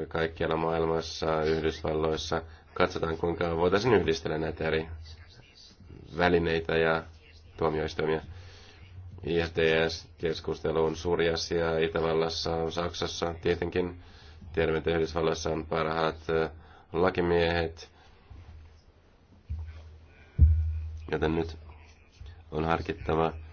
kaikkialla maailmassa, Yhdysvalloissa. Katsotaan, kuinka voitaisiin yhdistellä näitä eri välineitä ja tuomioistuimia. ISDS-keskustelu on suuri asia Itävallassa, Saksassa tietenkin. Tiedämme, että Yhdysvallassa on parhaat lakimiehet. Joten nyt on harkittava,